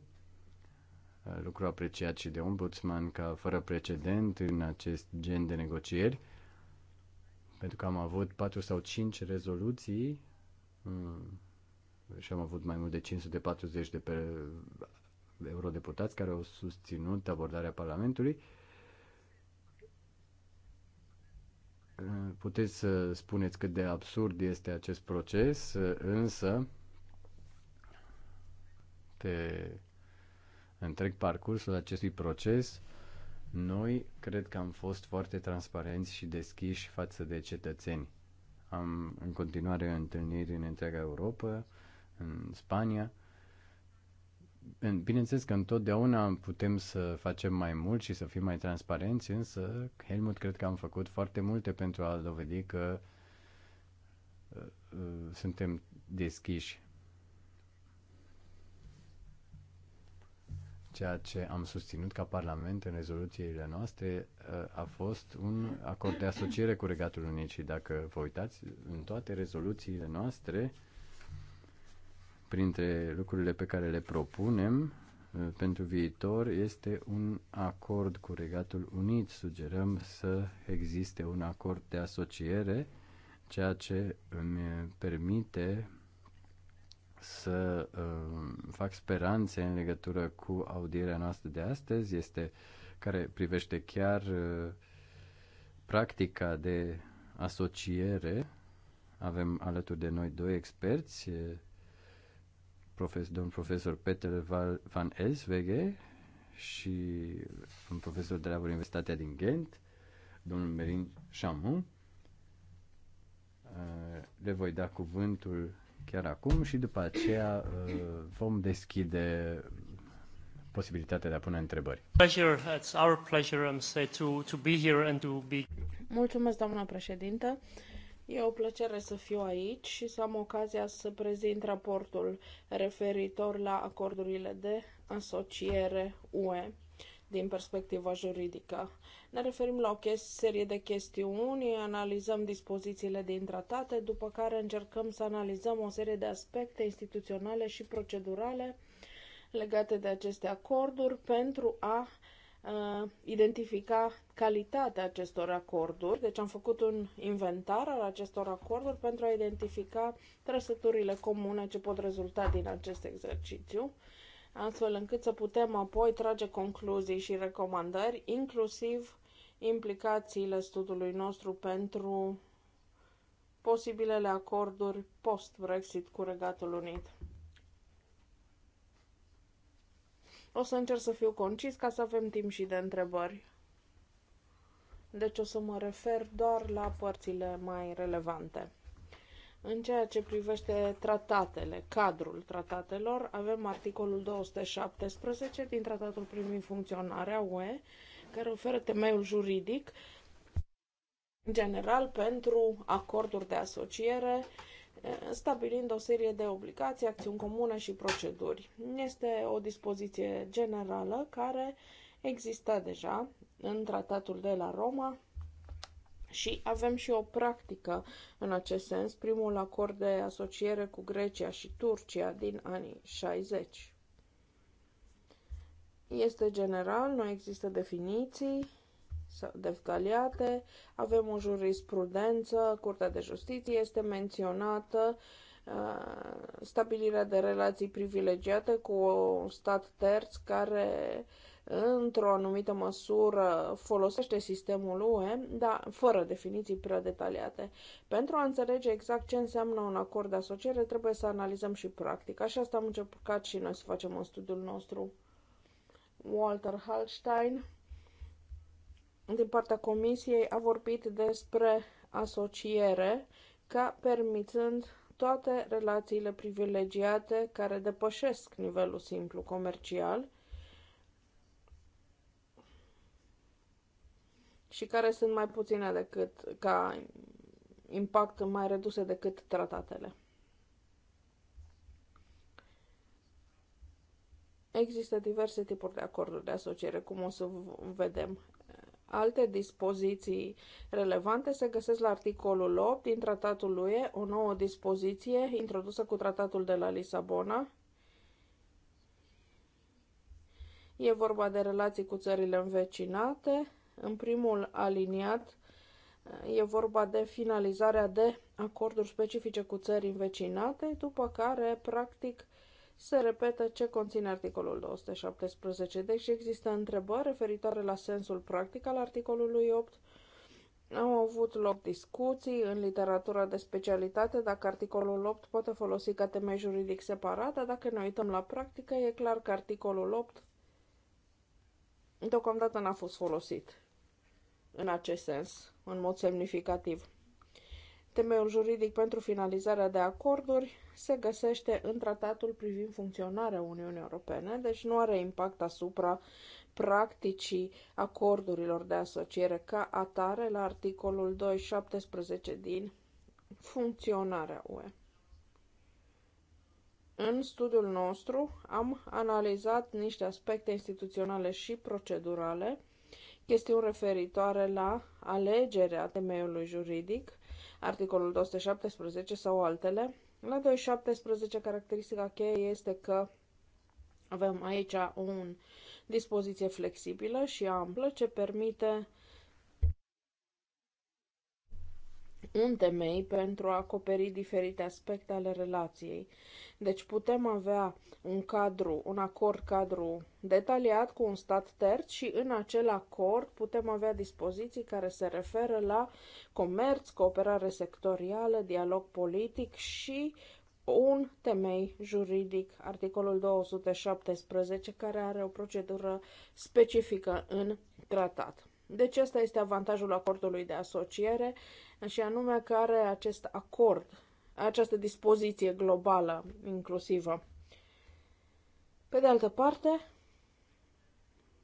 lucru apreciat și de ombudsman ca fără precedent în acest gen de negocieri, pentru că am avut 4 sau 5 rezoluții mm, și am avut mai mult de 540 de pe eurodeputați care au susținut abordarea Parlamentului. Puteți să spuneți cât de absurd este acest proces, însă pe întreg parcursul acestui proces, noi cred că am fost foarte transparenți și deschiși față de cetățeni. Am în continuare întâlniri în întreaga Europa, în Spania. Bineînțeles că întotdeauna putem să facem mai mult și să fim mai transparenți, însă Helmut cred că am făcut foarte multe pentru a dovedi că uh, uh, suntem deschiși Ceea ce am susținut ca Parlament în rezoluțiile noastre uh, a fost un acord de asociere cu Regatul Unit și dacă vă uitați, în toate rezoluțiile noastre, printre lucrurile pe care le propunem uh, pentru viitor este un acord cu Regatul Unit. Sugerăm să existe un acord de asociere, ceea ce îmi permite să uh, fac speranțe în legătură cu audierea noastră de astăzi, este care privește chiar uh, practica de asociere. Avem alături de noi doi experți, uh, profes, domn profesor Peter van Elswege și un profesor de la Universitatea din Ghent, domnul Merin Chamon. Uh, le voi da cuvântul chiar acum și după aceea uh, vom deschide posibilitatea de a pune întrebări. Mulțumesc, doamna președintă. E o plăcere să fiu aici și să am ocazia să prezint raportul referitor la acordurile de asociere UE din perspectiva juridică. Ne referim la o serie de chestiuni, analizăm dispozițiile din tratate, după care încercăm să analizăm o serie de aspecte instituționale și procedurale legate de aceste acorduri pentru a uh, identifica calitatea acestor acorduri. Deci am făcut un inventar al acestor acorduri pentru a identifica trăsăturile comune ce pot rezulta din acest exercițiu astfel încât să putem apoi trage concluzii și recomandări, inclusiv implicațiile studiului nostru pentru posibilele acorduri post-Brexit cu Regatul Unit. O să încerc să fiu concis ca să avem timp și de întrebări. Deci o să mă refer doar la părțile mai relevante. În ceea ce privește tratatele, cadrul tratatelor, avem articolul 217 din Tratatul privind funcționarea UE, care oferă temeiul juridic general pentru acorduri de asociere, eh, stabilind o serie de obligații, acțiuni comune și proceduri. Este o dispoziție generală care exista deja în Tratatul de la Roma și avem și o practică în acest sens, primul acord de asociere cu Grecia și Turcia din anii 60. Este general, nu există definiții defgaliate, avem o jurisprudență, Curtea de Justiție este menționată, uh, stabilirea de relații privilegiate cu un stat terț care într-o anumită măsură folosește sistemul UE, dar fără definiții prea detaliate. Pentru a înțelege exact ce înseamnă un acord de asociere, trebuie să analizăm și practica și asta am încercat și noi să facem în studiul nostru. Walter Hallstein, din partea Comisiei, a vorbit despre asociere ca permițând toate relațiile privilegiate care depășesc nivelul simplu comercial – și care sunt mai puține decât ca impact mai reduse decât tratatele. Există diverse tipuri de acorduri de asociere, cum o să vedem. Alte dispoziții relevante se găsesc la articolul 8 din tratatul UE, o nouă dispoziție introdusă cu tratatul de la Lisabona. E vorba de relații cu țările învecinate, în primul aliniat e vorba de finalizarea de acorduri specifice cu țări învecinate, după care, practic, se repetă ce conține articolul 217. Deci există întrebări referitoare la sensul practic al articolului 8. Au avut loc discuții în literatura de specialitate dacă articolul 8 poate folosi ca temei juridic separat, dar dacă ne uităm la practică, e clar că articolul 8 deocamdată n-a fost folosit în acest sens, în mod semnificativ. Temeiul juridic pentru finalizarea de acorduri se găsește în tratatul privind funcționarea Uniunii Europene, deci nu are impact asupra practicii acordurilor de asociere ca atare la articolul 217 din funcționarea UE. În studiul nostru am analizat niște aspecte instituționale și procedurale chestiuni referitoare la alegerea temeiului juridic, articolul 217 sau altele. La 217, caracteristica cheie este că avem aici o dispoziție flexibilă și amplă ce permite un temei pentru a acoperi diferite aspecte ale relației. Deci putem avea un cadru, un acord cadru detaliat cu un stat terț și în acel acord putem avea dispoziții care se referă la comerț, cooperare sectorială, dialog politic și un temei juridic, articolul 217, care are o procedură specifică în tratat. Deci asta este avantajul acordului de asociere și anume că are acest acord, această dispoziție globală inclusivă. Pe de altă parte,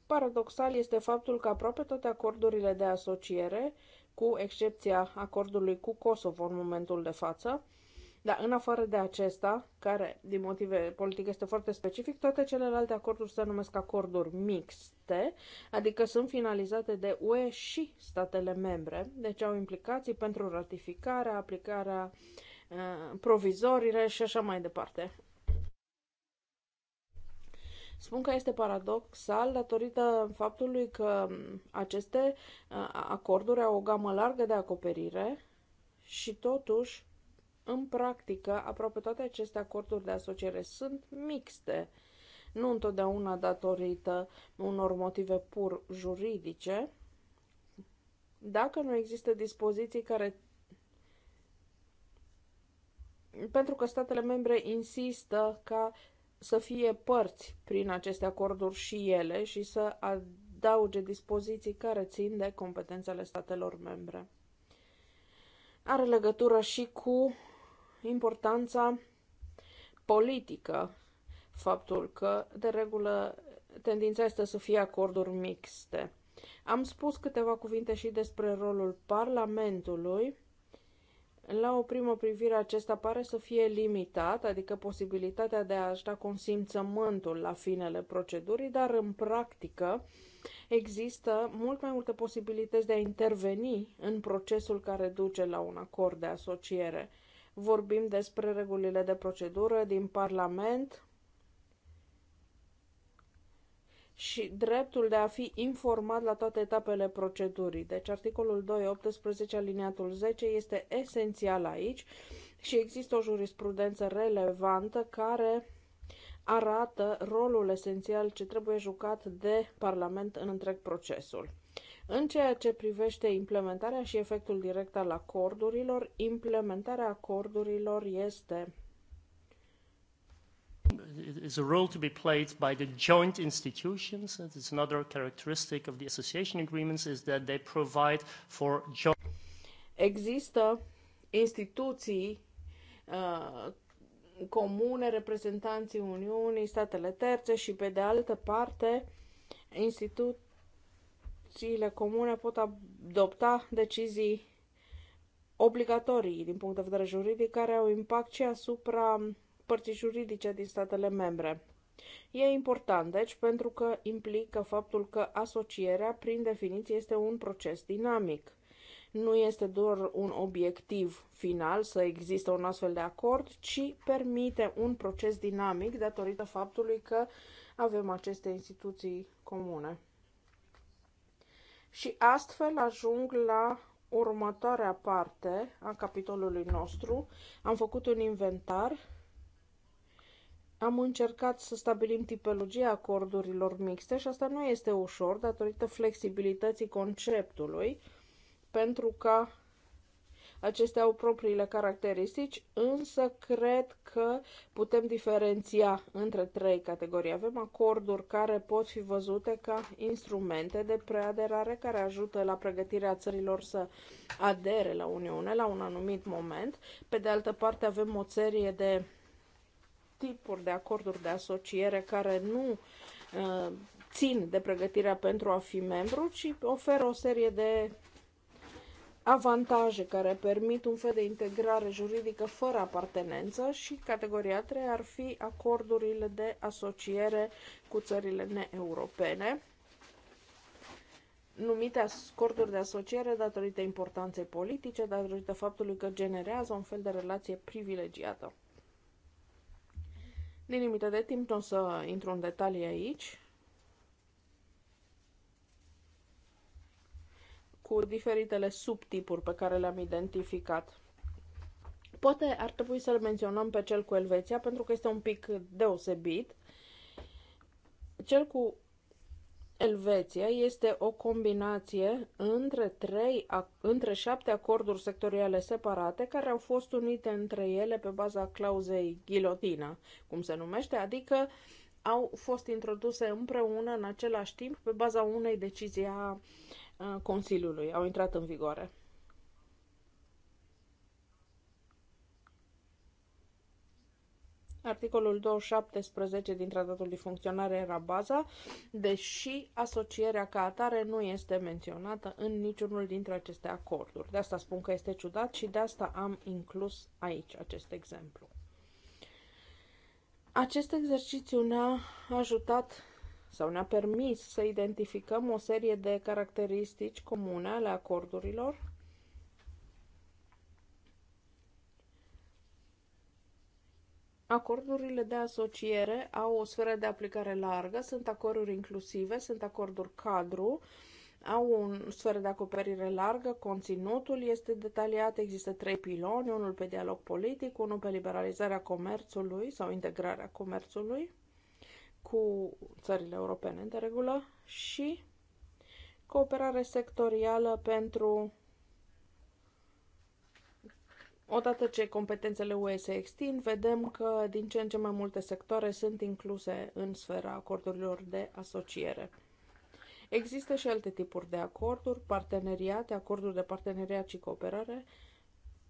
paradoxal este faptul că aproape toate acordurile de asociere, cu excepția acordului cu Kosovo în momentul de față, dar în afară de acesta, care din motive politice este foarte specific, toate celelalte acorduri se numesc acorduri mixte, adică sunt finalizate de UE și statele membre, deci au implicații pentru ratificarea, aplicarea, uh, provizorile și așa mai departe. Spun că este paradoxal datorită faptului că um, aceste uh, acorduri au o gamă largă de acoperire și totuși în practică, aproape toate aceste acorduri de asociere sunt mixte, nu întotdeauna datorită unor motive pur juridice, dacă nu există dispoziții care pentru că statele membre insistă ca să fie părți prin aceste acorduri și ele și să adauge dispoziții care țin de competențele statelor membre. Are legătură și cu importanța politică faptul că, de regulă, tendința este să fie acorduri mixte. Am spus câteva cuvinte și despre rolul Parlamentului. La o primă privire, acesta pare să fie limitat, adică posibilitatea de a da ajuta consimțământul la finele procedurii, dar în practică există mult mai multe posibilități de a interveni în procesul care duce la un acord de asociere vorbim despre regulile de procedură din Parlament și dreptul de a fi informat la toate etapele procedurii. Deci articolul 2.18 aliniatul 10 este esențial aici și există o jurisprudență relevantă care arată rolul esențial ce trebuie jucat de Parlament în întreg procesul. În ceea ce privește implementarea și efectul direct al acordurilor, implementarea acordurilor este is a role to be played by the joint institutions. That is another characteristic of the association agreements is that they provide for joint. Există instituții uh, comune, reprezentanții Uniunii, statele terțe și pe de altă parte institut Instituțiile comune pot adopta decizii obligatorii din punct de vedere juridic care au impact și asupra părții juridice din statele membre. E important, deci, pentru că implică faptul că asocierea, prin definiție, este un proces dinamic. Nu este doar un obiectiv final să există un astfel de acord, ci permite un proces dinamic datorită faptului că avem aceste instituții comune. Și astfel ajung la următoarea parte a capitolului nostru. Am făcut un inventar, am încercat să stabilim tipologia acordurilor mixte și asta nu este ușor datorită flexibilității conceptului, pentru că Acestea au propriile caracteristici, însă cred că putem diferenția între trei categorii. Avem acorduri care pot fi văzute ca instrumente de preaderare care ajută la pregătirea țărilor să adere la Uniune la un anumit moment. Pe de altă parte, avem o serie de tipuri de acorduri de asociere care nu uh, țin de pregătirea pentru a fi membru, ci oferă o serie de avantaje care permit un fel de integrare juridică fără apartenență și categoria 3 ar fi acordurile de asociere cu țările neeuropene, numite acorduri de asociere datorită importanței politice, datorită faptului că generează un fel de relație privilegiată. Din limită de timp nu o să intru în detalii aici, cu diferitele subtipuri pe care le-am identificat. Poate ar trebui să-l menționăm pe cel cu Elveția, pentru că este un pic deosebit. Cel cu Elveția este o combinație între, trei, între șapte acorduri sectoriale separate care au fost unite între ele pe baza clauzei ghilotina, cum se numește, adică au fost introduse împreună în același timp pe baza unei decizii a Consiliului au intrat în vigoare. Articolul 217 din Tratatul de Funcționare era baza, deși asocierea ca atare nu este menționată în niciunul dintre aceste acorduri. De asta spun că este ciudat și de asta am inclus aici acest exemplu. Acest exercițiu ne-a ajutat sau ne-a permis să identificăm o serie de caracteristici comune ale acordurilor Acordurile de asociere au o sferă de aplicare largă, sunt acorduri inclusive, sunt acorduri cadru, au o sferă de acoperire largă, conținutul este detaliat, există trei piloni, unul pe dialog politic, unul pe liberalizarea comerțului sau integrarea comerțului cu țările europene de regulă și cooperare sectorială pentru Odată ce competențele UE se extind, vedem că din ce în ce mai multe sectoare sunt incluse în sfera acordurilor de asociere. Există și alte tipuri de acorduri, parteneriate, acorduri de parteneriat și cooperare,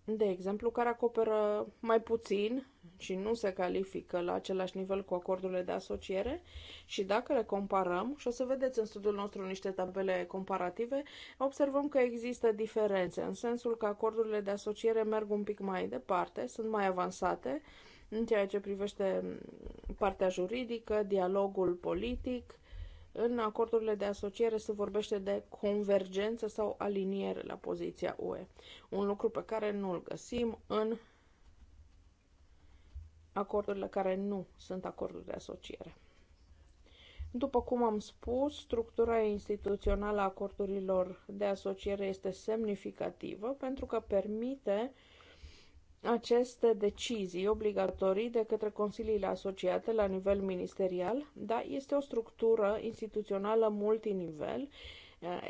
de exemplu, care acoperă mai puțin și nu se califică la același nivel cu acordurile de asociere și dacă le comparăm, și o să vedeți în studiul nostru niște tabele comparative, observăm că există diferențe, în sensul că acordurile de asociere merg un pic mai departe, sunt mai avansate în ceea ce privește partea juridică, dialogul politic, în acordurile de asociere se vorbește de convergență sau aliniere la poziția UE, un lucru pe care nu îl găsim în acordurile care nu sunt acorduri de asociere. După cum am spus, structura instituțională a acordurilor de asociere este semnificativă pentru că permite aceste decizii obligatorii de către consiliile asociate la nivel ministerial, da, este o structură instituțională multinivel.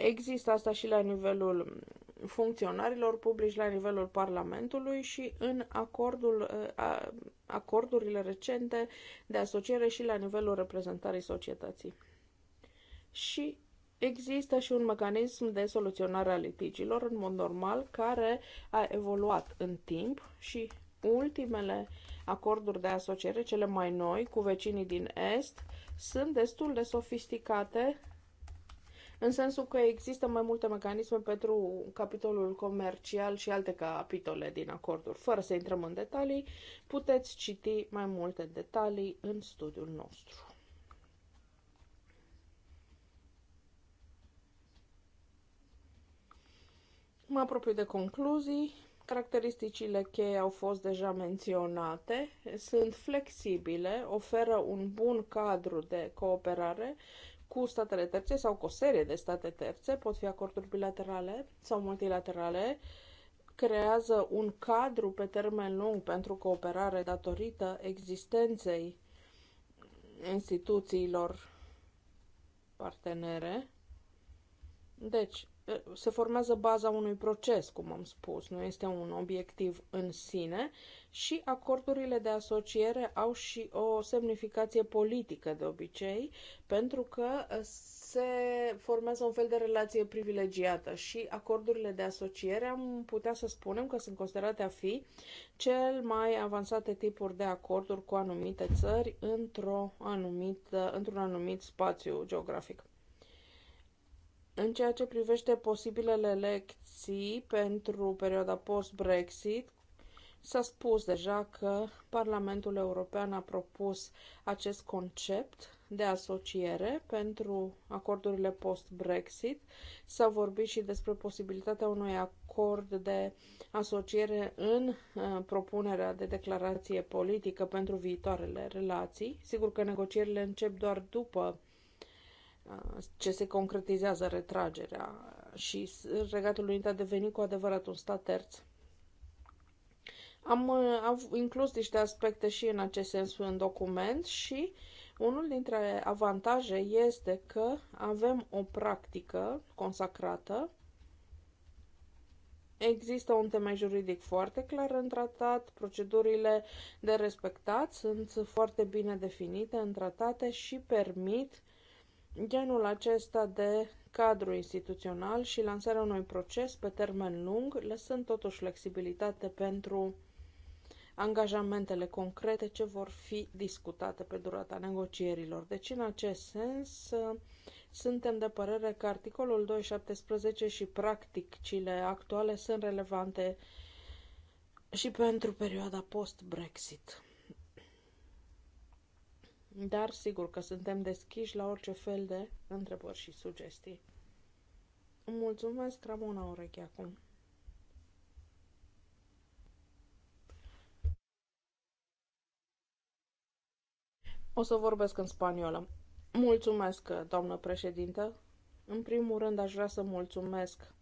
Există asta și la nivelul funcționarilor publici, la nivelul Parlamentului și în acordul, acordurile recente de asociere și la nivelul reprezentării societății. Și Există și un mecanism de soluționare a litigiilor, în mod normal, care a evoluat în timp și ultimele acorduri de asociere, cele mai noi, cu vecinii din Est, sunt destul de sofisticate în sensul că există mai multe mecanisme pentru capitolul comercial și alte capitole din acorduri. Fără să intrăm în detalii, puteți citi mai multe detalii în studiul nostru. Mă apropiu de concluzii. Caracteristicile cheie au fost deja menționate, sunt flexibile, oferă un bun cadru de cooperare cu statele terțe sau cu o serie de state terțe, pot fi acorduri bilaterale sau multilaterale, creează un cadru pe termen lung pentru cooperare datorită existenței instituțiilor partenere. Deci, se formează baza unui proces, cum am spus, nu este un obiectiv în sine și acordurile de asociere au și o semnificație politică de obicei, pentru că se formează un fel de relație privilegiată și acordurile de asociere am putea să spunem că sunt considerate a fi cel mai avansate tipuri de acorduri cu anumite țări într-o anumită, într-un anumit spațiu geografic. În ceea ce privește posibilele lecții pentru perioada post-Brexit, s-a spus deja că Parlamentul European a propus acest concept de asociere pentru acordurile post-Brexit. S-a vorbit și despre posibilitatea unui acord de asociere în uh, propunerea de declarație politică pentru viitoarele relații. Sigur că negocierile încep doar după ce se concretizează retragerea și Regatul Unit a devenit cu adevărat un stat terț. Am, uh, am inclus niște aspecte și în acest sens în document și unul dintre avantaje este că avem o practică consacrată Există un temei juridic foarte clar în tratat, procedurile de respectat sunt foarte bine definite în tratate și permit Genul acesta de cadru instituțional și lansarea unui proces pe termen lung, lăsând totuși flexibilitate pentru angajamentele concrete ce vor fi discutate pe durata negocierilor. Deci, în acest sens, suntem de părere că articolul 217 și practicile actuale sunt relevante și pentru perioada post-Brexit. Dar sigur că suntem deschiși la orice fel de întrebări și sugestii. Mulțumesc, Ramona Oreche, acum. O să vorbesc în spaniolă. Mulțumesc, doamnă președintă. În primul rând, aș vrea să mulțumesc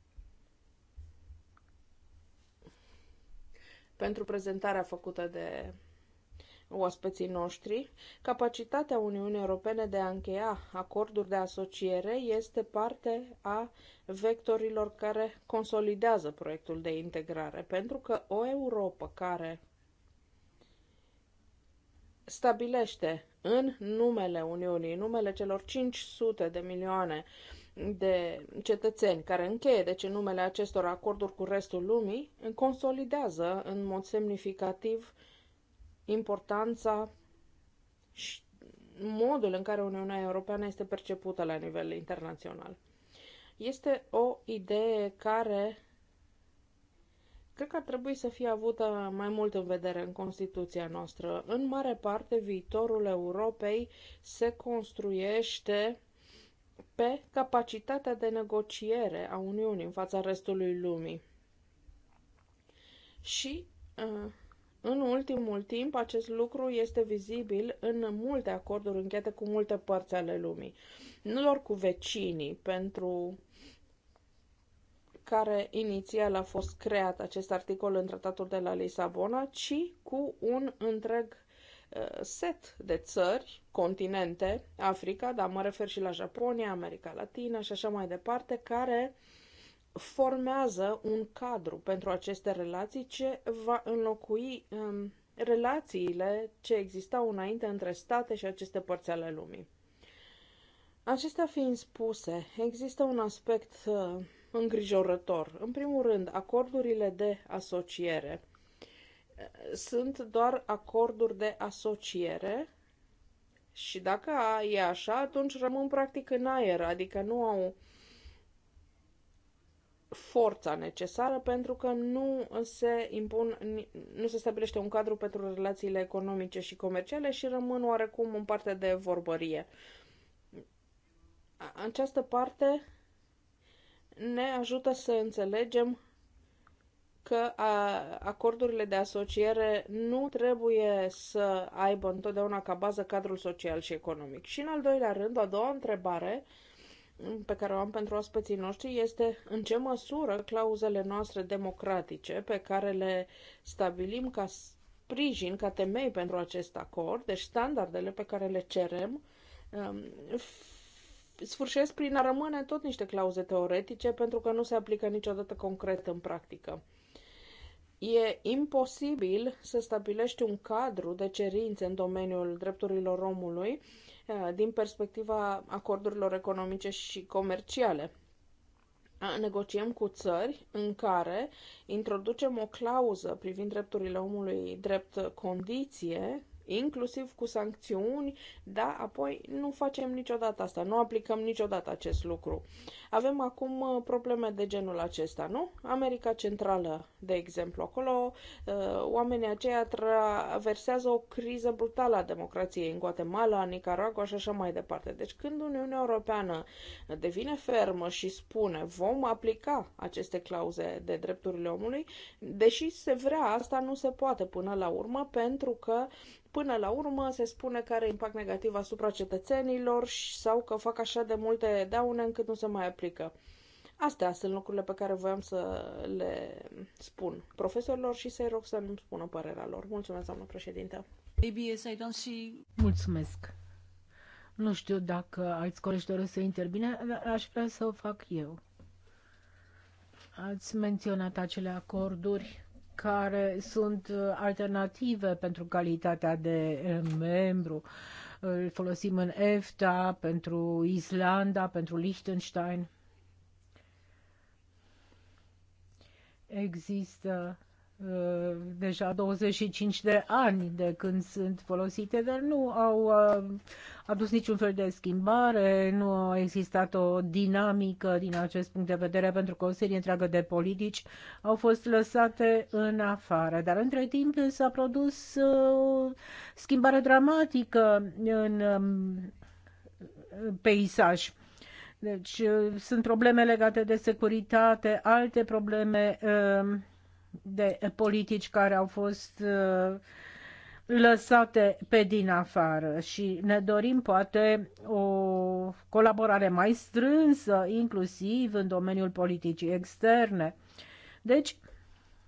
pentru prezentarea făcută de oaspeții noștri, capacitatea Uniunii Europene de a încheia acorduri de asociere este parte a vectorilor care consolidează proiectul de integrare, pentru că o Europa care stabilește în numele Uniunii, în numele celor 500 de milioane de cetățeni care încheie, deci în numele acestor acorduri cu restul lumii, consolidează în mod semnificativ uh, importanța și modul în care Uniunea Europeană este percepută la nivel internațional. Este o idee care cred că ar trebui să fie avută mai mult în vedere în Constituția noastră. În mare parte, viitorul Europei se construiește pe capacitatea de negociere a Uniunii în fața restului lumii. Și uh, în ultimul timp, acest lucru este vizibil în multe acorduri încheiate cu multe părți ale lumii, nu doar cu vecinii, pentru care inițial a fost creat acest articol în Tratatul de la Lisabona, ci cu un întreg uh, set de țări, continente, Africa, dar mă refer și la Japonia, America Latina și așa mai departe, care uh, formează un cadru pentru aceste relații ce va înlocui um, relațiile ce existau înainte între state și aceste părți ale lumii. Acestea fiind spuse, există un aspect uh, îngrijorător. În primul rând, acordurile de asociere sunt doar acorduri de asociere și dacă e așa, atunci rămân practic în aer, adică nu au forța necesară pentru că nu se, impun, nu se stabilește un cadru pentru relațiile economice și comerciale și rămân oarecum în parte de vorbărie. Această parte ne ajută să înțelegem că acordurile de asociere nu trebuie să aibă întotdeauna ca bază cadrul social și economic. Și în al doilea rând, a doua întrebare, uh, pe care o am pentru oaspeții noștri este în ce măsură clauzele noastre democratice pe care le stabilim ca sprijin, ca temei pentru acest acord, deci standardele pe care le cerem, um, sfârșesc prin a rămâne tot niște clauze teoretice pentru că nu se aplică niciodată concret în practică. E imposibil să stabilești un cadru de cerințe în domeniul drepturilor omului Uh, din perspectiva acordurilor economice și comerciale. Negociem cu țări în care introducem o clauză privind drepturile omului drept condiție inclusiv cu sancțiuni, da. apoi nu facem niciodată asta, nu aplicăm niciodată acest lucru. Avem acum uh, probleme de genul acesta, nu? America Centrală, de exemplu, acolo uh, oamenii aceia traversează o criză brutală a democrației în Guatemala, Nicaragua și așa mai departe. Deci când Uniunea Europeană devine fermă și spune vom aplica aceste clauze de drepturile omului, deși se vrea asta, nu se poate până la urmă pentru că Până la urmă se spune că are impact negativ asupra cetățenilor sau că fac așa de multe daune încât nu se mai aplică. Astea sunt lucrurile pe care voiam să le spun profesorilor și să-i rog să-mi spună părerea lor. Mulțumesc, doamnă președintă. ABS, I don't see... Mulțumesc. Nu știu dacă alți colegi doresc să intervine, dar aș vrea să o fac eu. Ați menționat acele acorduri care sunt uh, alternative pentru calitatea de uh, membru. Îl folosim în EFTA, pentru Islanda, pentru Liechtenstein. Există Uh, deja 25 de ani de când sunt folosite, dar nu au uh, adus niciun fel de schimbare, nu a existat o dinamică din acest punct de vedere, pentru că o serie întreagă de politici au fost lăsate în afară. Dar între timp s-a produs o uh, schimbare dramatică în um, peisaj. Deci sunt probleme legate de securitate, alte probleme uh, de politici care au fost uh, lăsate pe din afară și ne dorim poate o colaborare mai strânsă, inclusiv în domeniul politicii externe. Deci,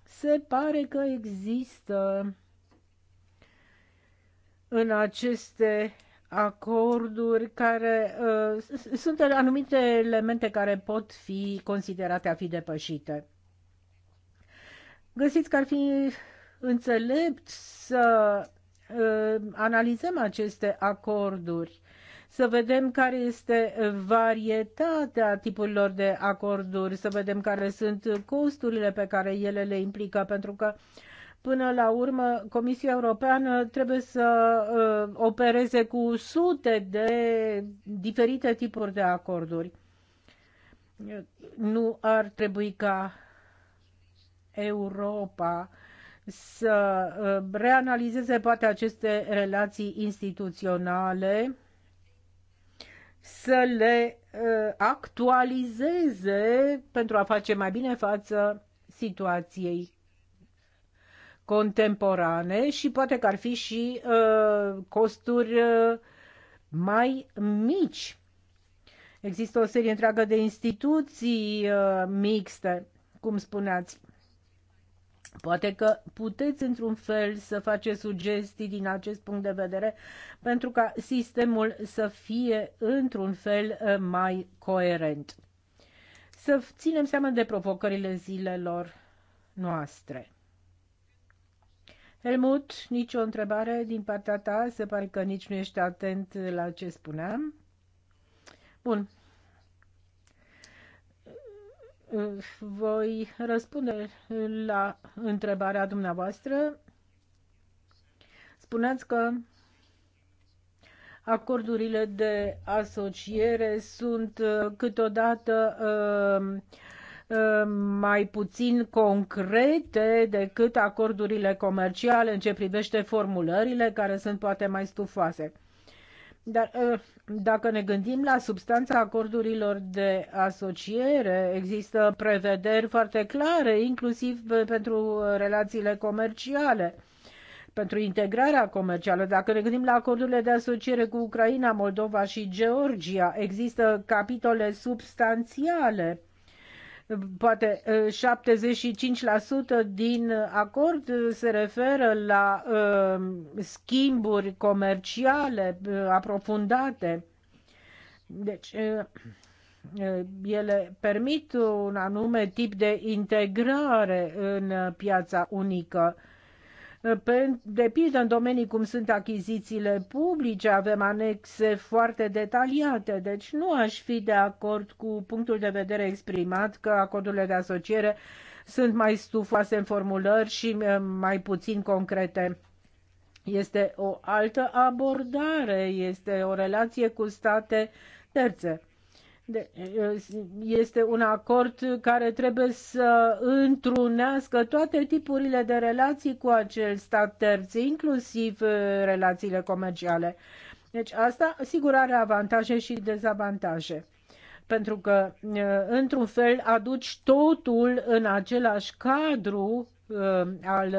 se pare că există în aceste acorduri care uh, sunt anumite elemente care pot fi considerate a fi depășite găsiți că ar fi înțelept să ă, analizăm aceste acorduri, să vedem care este varietatea tipurilor de acorduri, să vedem care sunt costurile pe care ele le implică, pentru că Până la urmă, Comisia Europeană trebuie să uh, opereze cu sute de diferite tipuri de acorduri. Nu ar trebui ca Europa să uh, reanalizeze poate aceste relații instituționale, să le uh, actualizeze pentru a face mai bine față situației contemporane și poate că ar fi și uh, costuri mai mici. Există o serie întreagă de instituții mixte, cum spuneați. Poate că puteți într-un fel să faceți sugestii din acest punct de vedere pentru ca sistemul să fie într-un fel eh, mai coerent. Să ținem seama de provocările zilelor noastre. Helmut, nicio întrebare din partea ta? Se pare că nici nu ești atent la ce spuneam. Bun, voi răspunde la întrebarea dumneavoastră. Spuneți că acordurile de asociere sunt uh, câteodată uh, uh, mai puțin concrete decât acordurile comerciale în ce privește formulările care sunt poate mai stufoase. Dar ă, dacă ne gândim la substanța acordurilor de asociere, există prevederi foarte clare, inclusiv pentru relațiile comerciale, pentru integrarea comercială. Dacă ne gândim la acordurile de asociere cu Ucraina, Moldova și Georgia, există capitole substanțiale poate 75% din acord se referă la schimburi comerciale aprofundate. Deci, ele permit un anume tip de integrare în piața unică de pildă în domenii cum sunt achizițiile publice, avem anexe foarte detaliate, deci nu aș fi de acord cu punctul de vedere exprimat că acordurile de asociere sunt mai stufoase în formulări și eh, mai puțin concrete. Este o altă abordare, este o relație cu state terțe. De, este un acord care trebuie să întrunească toate tipurile de relații cu acel stat terț, inclusiv relațiile comerciale. Deci asta, sigur, are avantaje și dezavantaje. Pentru că, într-un fel, aduci totul în același cadru al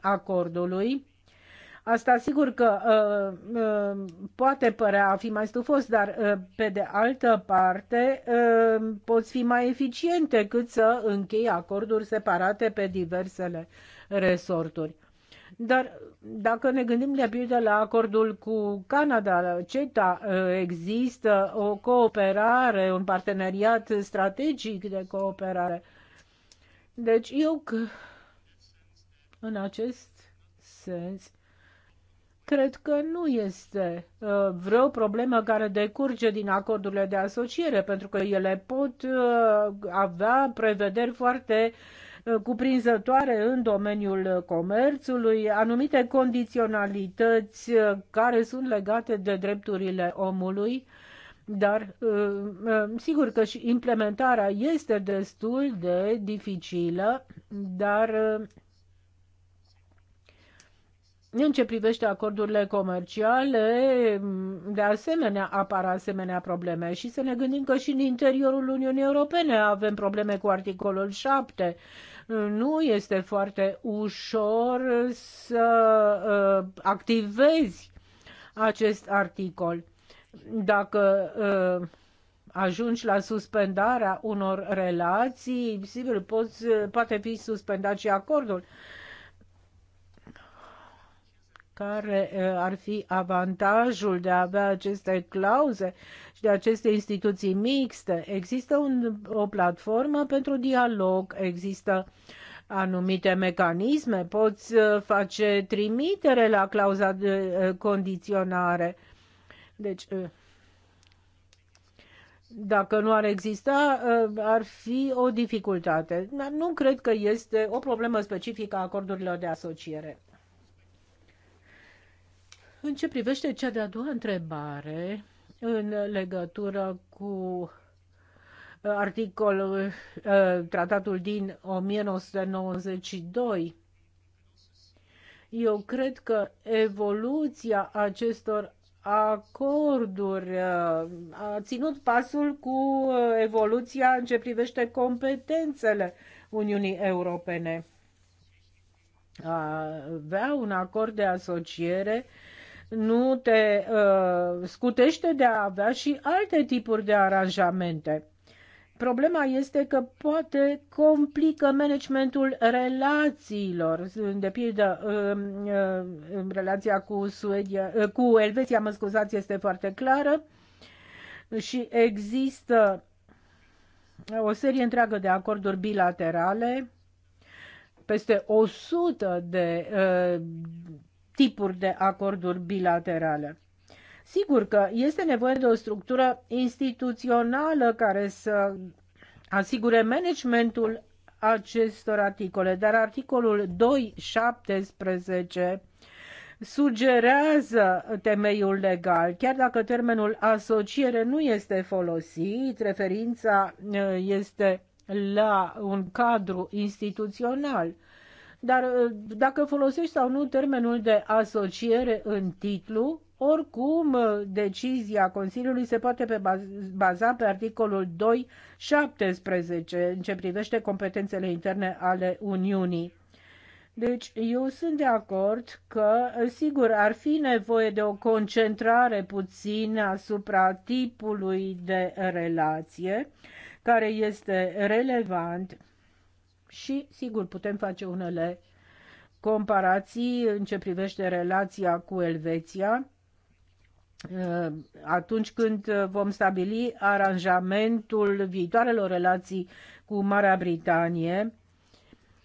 acordului Asta sigur că uh, uh, poate părea a fi mai stufos, dar uh, pe de altă parte uh, poți fi mai eficient cât să închei acorduri separate pe diversele resorturi. Dar dacă ne gândim de pildă la acordul cu Canada, la CETA, uh, există o cooperare, un parteneriat strategic de cooperare. Deci eu, în acest sens, Cred că nu este uh, vreo problemă care decurge din acordurile de asociere, pentru că ele pot uh, avea prevederi foarte uh, cuprinzătoare în domeniul comerțului, anumite condiționalități care sunt legate de drepturile omului, dar sigur că și implementarea este destul de dificilă, dar în ce privește acordurile comerciale, de asemenea apar asemenea probleme și să ne gândim că și în interiorul Uniunii Europene avem probleme cu articolul 7. Nu este foarte ușor să uh, activezi acest articol. Dacă uh, ajungi la suspendarea unor relații, sigur, poți, poate fi suspendat și acordul care ar fi avantajul de a avea aceste clauze și de aceste instituții mixte. Există un, o platformă pentru dialog, există anumite mecanisme, poți face trimitere la clauza de condiționare. Deci, dacă nu ar exista, ar fi o dificultate. Dar nu cred că este o problemă specifică a acordurilor de asociere. În ce privește cea de-a doua întrebare, în legătură cu uh, articolul, uh, tratatul din 1992, eu cred că evoluția acestor acorduri uh, a ținut pasul cu evoluția în ce privește competențele Uniunii Europene. A avea un acord de asociere nu te uh, scutește de a avea și alte tipuri de aranjamente. Problema este că poate complică managementul relațiilor, de pildă um, uh, relația cu, Suedia, uh, cu Elveția, mă scuzați, este foarte clară și există o serie întreagă de acorduri bilaterale, peste 100 de uh, tipuri de acorduri bilaterale. Sigur că este nevoie de o structură instituțională care să asigure managementul acestor articole, dar articolul 217 sugerează temeiul legal, chiar dacă termenul asociere nu este folosit, referința este la un cadru instituțional. Dar uh, dacă folosești sau nu termenul de asociere în titlu, oricum uh, decizia Consiliului se poate pe baza pe articolul 2.17 în ce privește competențele interne ale Uniunii. Deci eu sunt de acord că, sigur, ar fi nevoie de o concentrare puțin asupra tipului de relație care este relevant și, sigur, putem face unele comparații în ce privește relația cu Elveția uh, atunci când vom stabili aranjamentul viitoarelor relații cu Marea Britanie.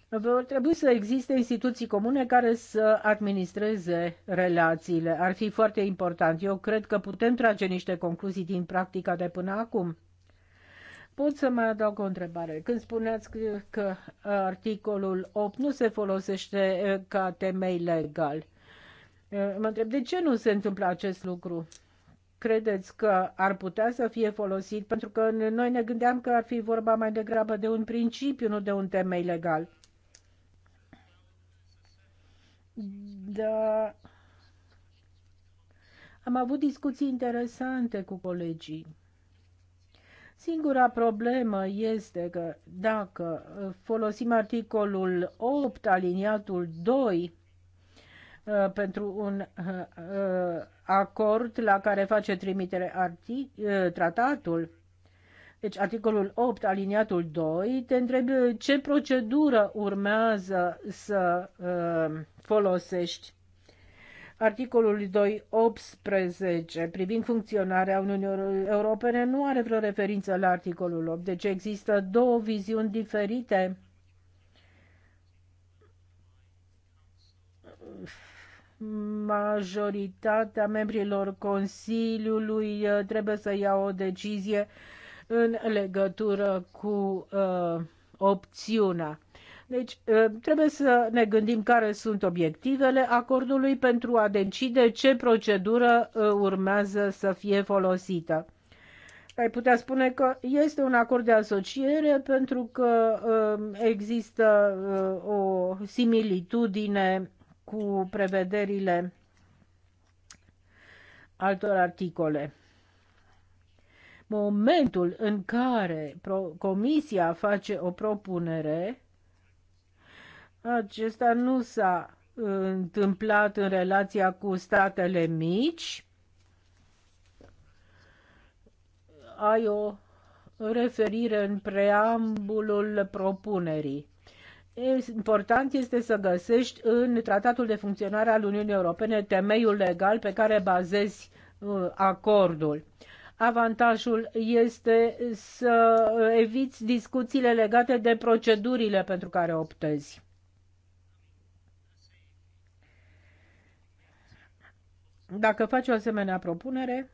Vor trebui să existe instituții comune care să administreze relațiile. Ar fi foarte important. Eu cred că putem trage niște concluzii din practica de până acum. Pot să mai adaug o întrebare. Când spuneați că articolul 8 nu se folosește ca temei legal, mă întreb de ce nu se întâmplă acest lucru? Credeți că ar putea să fie folosit? Pentru că noi ne gândeam că ar fi vorba mai degrabă de un principiu, nu de un temei legal. Da. Am avut discuții interesante cu colegii. Singura problemă este că dacă folosim articolul 8 aliniatul 2 uh, pentru un uh, uh, acord la care face trimitere tratatul, deci articolul 8 aliniatul 2 te întreb ce procedură urmează să folosești Articolul 2.18 privind funcționarea Uniunii Europene nu are vreo referință la articolul 8, deci există două viziuni diferite majoritatea membrilor Consiliului uh, trebuie să ia o decizie în legătură cu uh, opțiunea. Deci ă, trebuie să ne gândim care sunt obiectivele acordului pentru a decide ce procedură ă, urmează să fie folosită. Ai putea spune că este un acord de asociere pentru că ă, există o similitudine cu prevederile altor articole momentul în care Comisia face o propunere acesta nu s-a uh, întâmplat în relația cu statele mici. Ai o referire în preambulul propunerii. Important este să găsești în Tratatul de Funcționare al Uniunii Europene temeiul legal pe care bazezi uh, acordul. Avantajul este să eviți discuțiile legate de procedurile pentru care optezi. Dacă faci o asemenea propunere,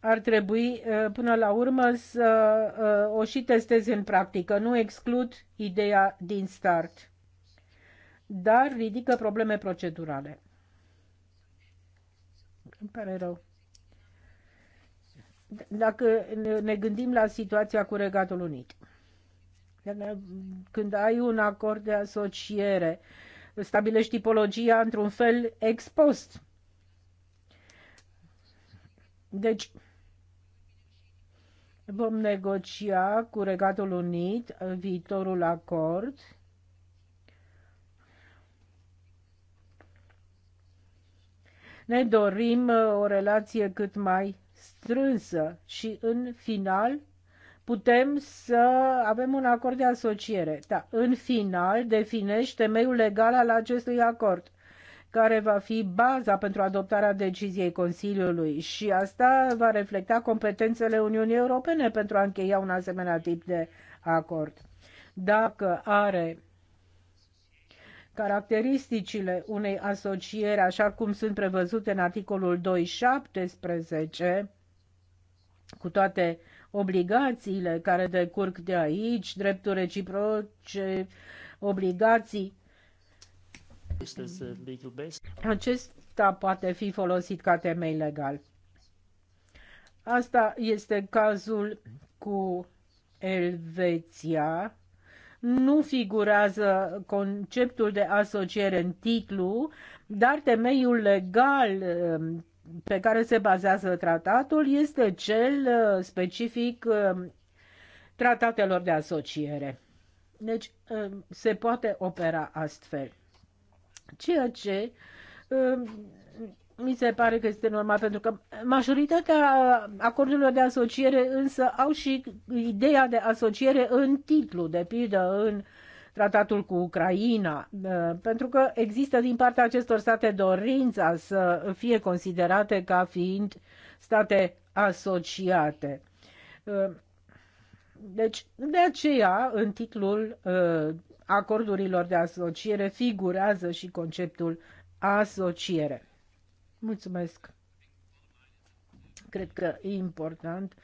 ar trebui uh, până la urmă să uh, o și testezi în practică. Nu exclud ideea din start, dar ridică probleme procedurale. Îmi pare rău. Dacă ne gândim la situația cu Regatul Unit, când ai un acord de asociere, stabilești tipologia într-un fel ex post. Deci, vom negocia cu Regatul Unit viitorul acord ne dorim uh, o relație cât mai strânsă și în final putem să avem un acord de asociere. Da, în final definești temeiul legal al acestui acord care va fi baza pentru adoptarea deciziei Consiliului și asta va reflecta competențele Uniunii Europene pentru a încheia un asemenea tip de acord. Dacă are caracteristicile unei asocieri așa cum sunt prevăzute în articolul 2.17 cu toate uh, obligațiile care decurg de aici, drepturi reciproce, obligații. Acesta poate fi folosit ca temei legal. Asta este cazul cu Elveția. Nu figurează conceptul de asociere în titlu, dar temeiul legal pe care se bazează tratatul este cel uh, specific uh, tratatelor de asociere. Deci uh, se poate opera astfel. Ceea ce mi se pare că este normal, pentru că majoritatea acordurilor de asociere însă au și ideea de asociere în titlu, de pildă în uh, tratatul cu Ucraina, uh, pentru că există din partea acestor state dorința să fie considerate ca fiind state asociate. Uh, deci, de aceea, în titlul uh, acordurilor de asociere figurează și conceptul asociere. Mulțumesc! Cred că e important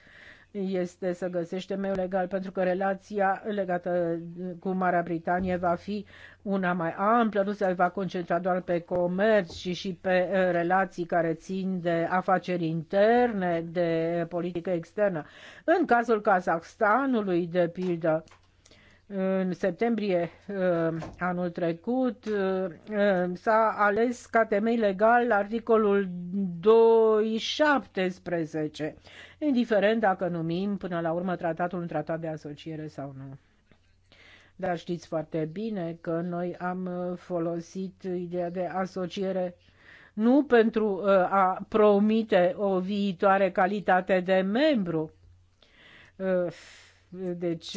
este să găsește meu legal, pentru că relația legată cu Marea Britanie va fi una mai amplă, nu se va concentra doar pe comerț, ci și pe uh, relații care țin de afaceri interne, de politică externă. În cazul Kazahstanului, de pildă, în septembrie uh, anul trecut uh, uh, s-a ales ca temei legal articolul 217, indiferent dacă numim până la urmă tratatul un tratat de asociere sau nu. Dar știți foarte bine că noi am folosit ideea de asociere nu pentru a promite o viitoare calitate de membru, deci,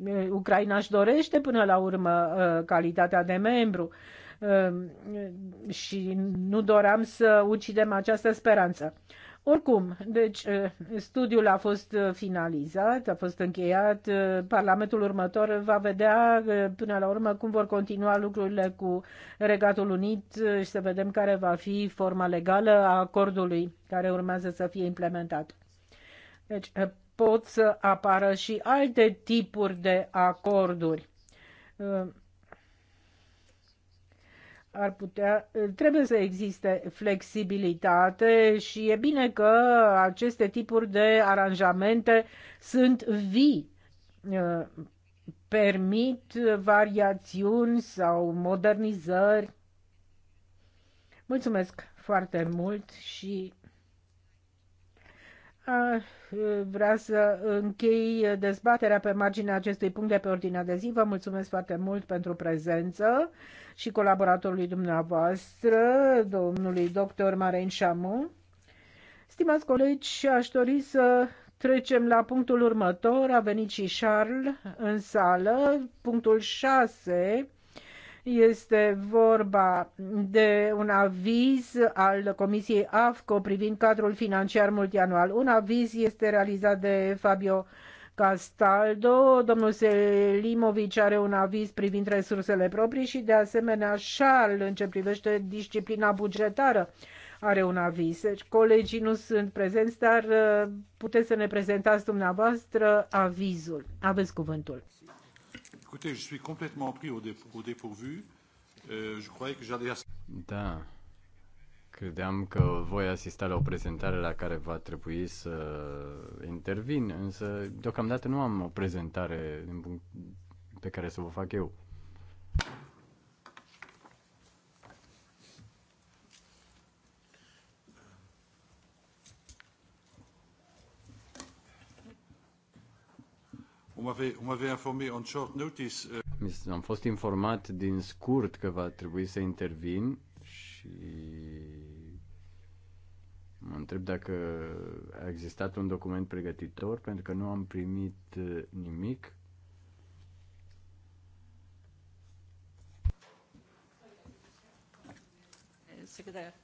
uh, Ucraina își dorește până la urmă uh, calitatea de membru uh, și nu doream să ucidem această speranță. Oricum, deci studiul a fost finalizat, a fost încheiat, Parlamentul următor va vedea până la urmă cum vor continua lucrurile cu Regatul Unit și să vedem care va fi forma legală a acordului care urmează să fie implementat. Deci, pot să apară și alte tipuri de acorduri. Uh, ar putea, uh, trebuie să existe flexibilitate și e bine că aceste tipuri de aranjamente sunt vii uh, permit variațiuni sau modernizări. Mulțumesc foarte mult și Vreau uh, vrea să închei dezbaterea pe marginea acestui punct de pe ordinea de zi. Vă mulțumesc foarte mult pentru prezență și colaboratorului dumneavoastră, domnului dr. Marin Șamu. Stimați colegi, aș dori să trecem la punctul următor. A venit și Charles în sală, punctul 6 este vorba de un aviz al Comisiei AFCO privind cadrul financiar multianual. Un aviz este realizat de Fabio Castaldo, domnul Selimovic are un aviz privind resursele proprii și de asemenea Charles în ce privește disciplina bugetară are un aviz. Deci, colegii nu sunt prezenți, dar uh, puteți să ne prezentați dumneavoastră avizul. Aveți cuvântul. Écoutez, je suis complètement pris au, dépour, au dépourvu. Euh, je croyais que j'allais... Da. Credeam că voi asista la o prezentare la care va trebui să intervin, însă deocamdată nu am o prezentare din punct pe care să o fac eu. Euh. Am fost informat din scurt că va trebui să intervin și mă întreb dacă a existat un document pregătitor, pentru că nu am primit uh, nimic. Secretar.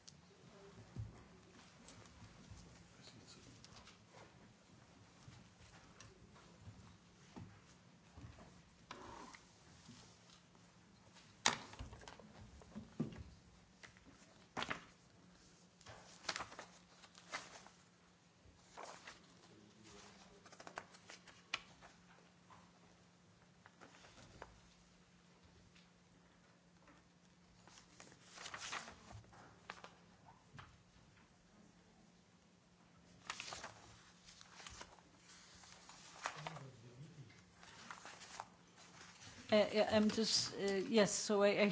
Uh, I'm just, uh, yes, so I...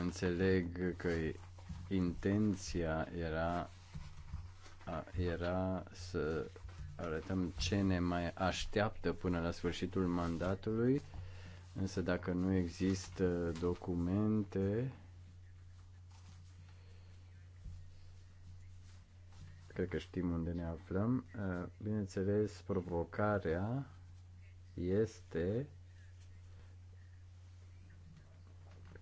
Înțeleg că intenția era, era să arătăm ce ne mai așteaptă până la sfârșitul mandatului, însă dacă nu există documente, cred că știm unde ne aflăm, uh, bineînțeles, provocarea este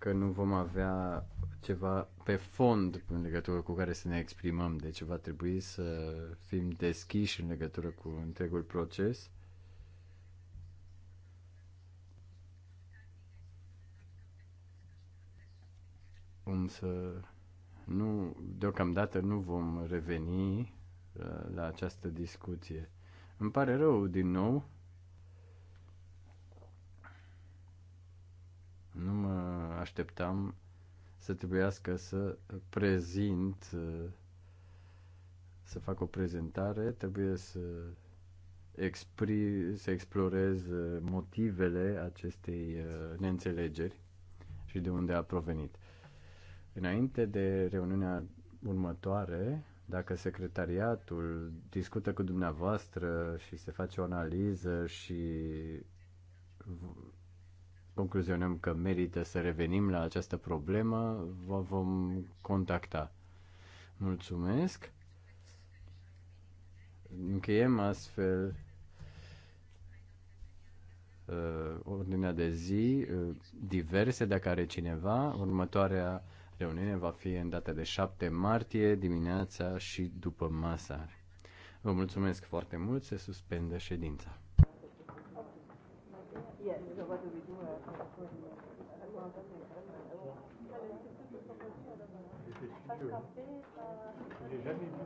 că nu vom avea ceva pe fond în legătură cu care să ne exprimăm. Deci va trebui să fim deschiși în legătură cu întregul proces. Însă nu, deocamdată nu vom reveni uh, la această discuție. Îmi pare rău din nou. Nu mă așteptam să trebuiască să prezint, să fac o prezentare, trebuie să, expri, să explorez motivele acestei uh, neînțelegeri și de unde a provenit. Înainte de reuniunea următoare, dacă secretariatul discută cu dumneavoastră și se face o analiză și concluzionăm că merită să revenim la această problemă, vă vom contacta. Mulțumesc. Încheiem astfel uh, ordinea de zi uh, diverse, dacă are cineva. Următoarea reuniune va fi în data de 7 martie, dimineața și după masă. Vă mulțumesc foarte mult, se suspendă ședința. Café, uh,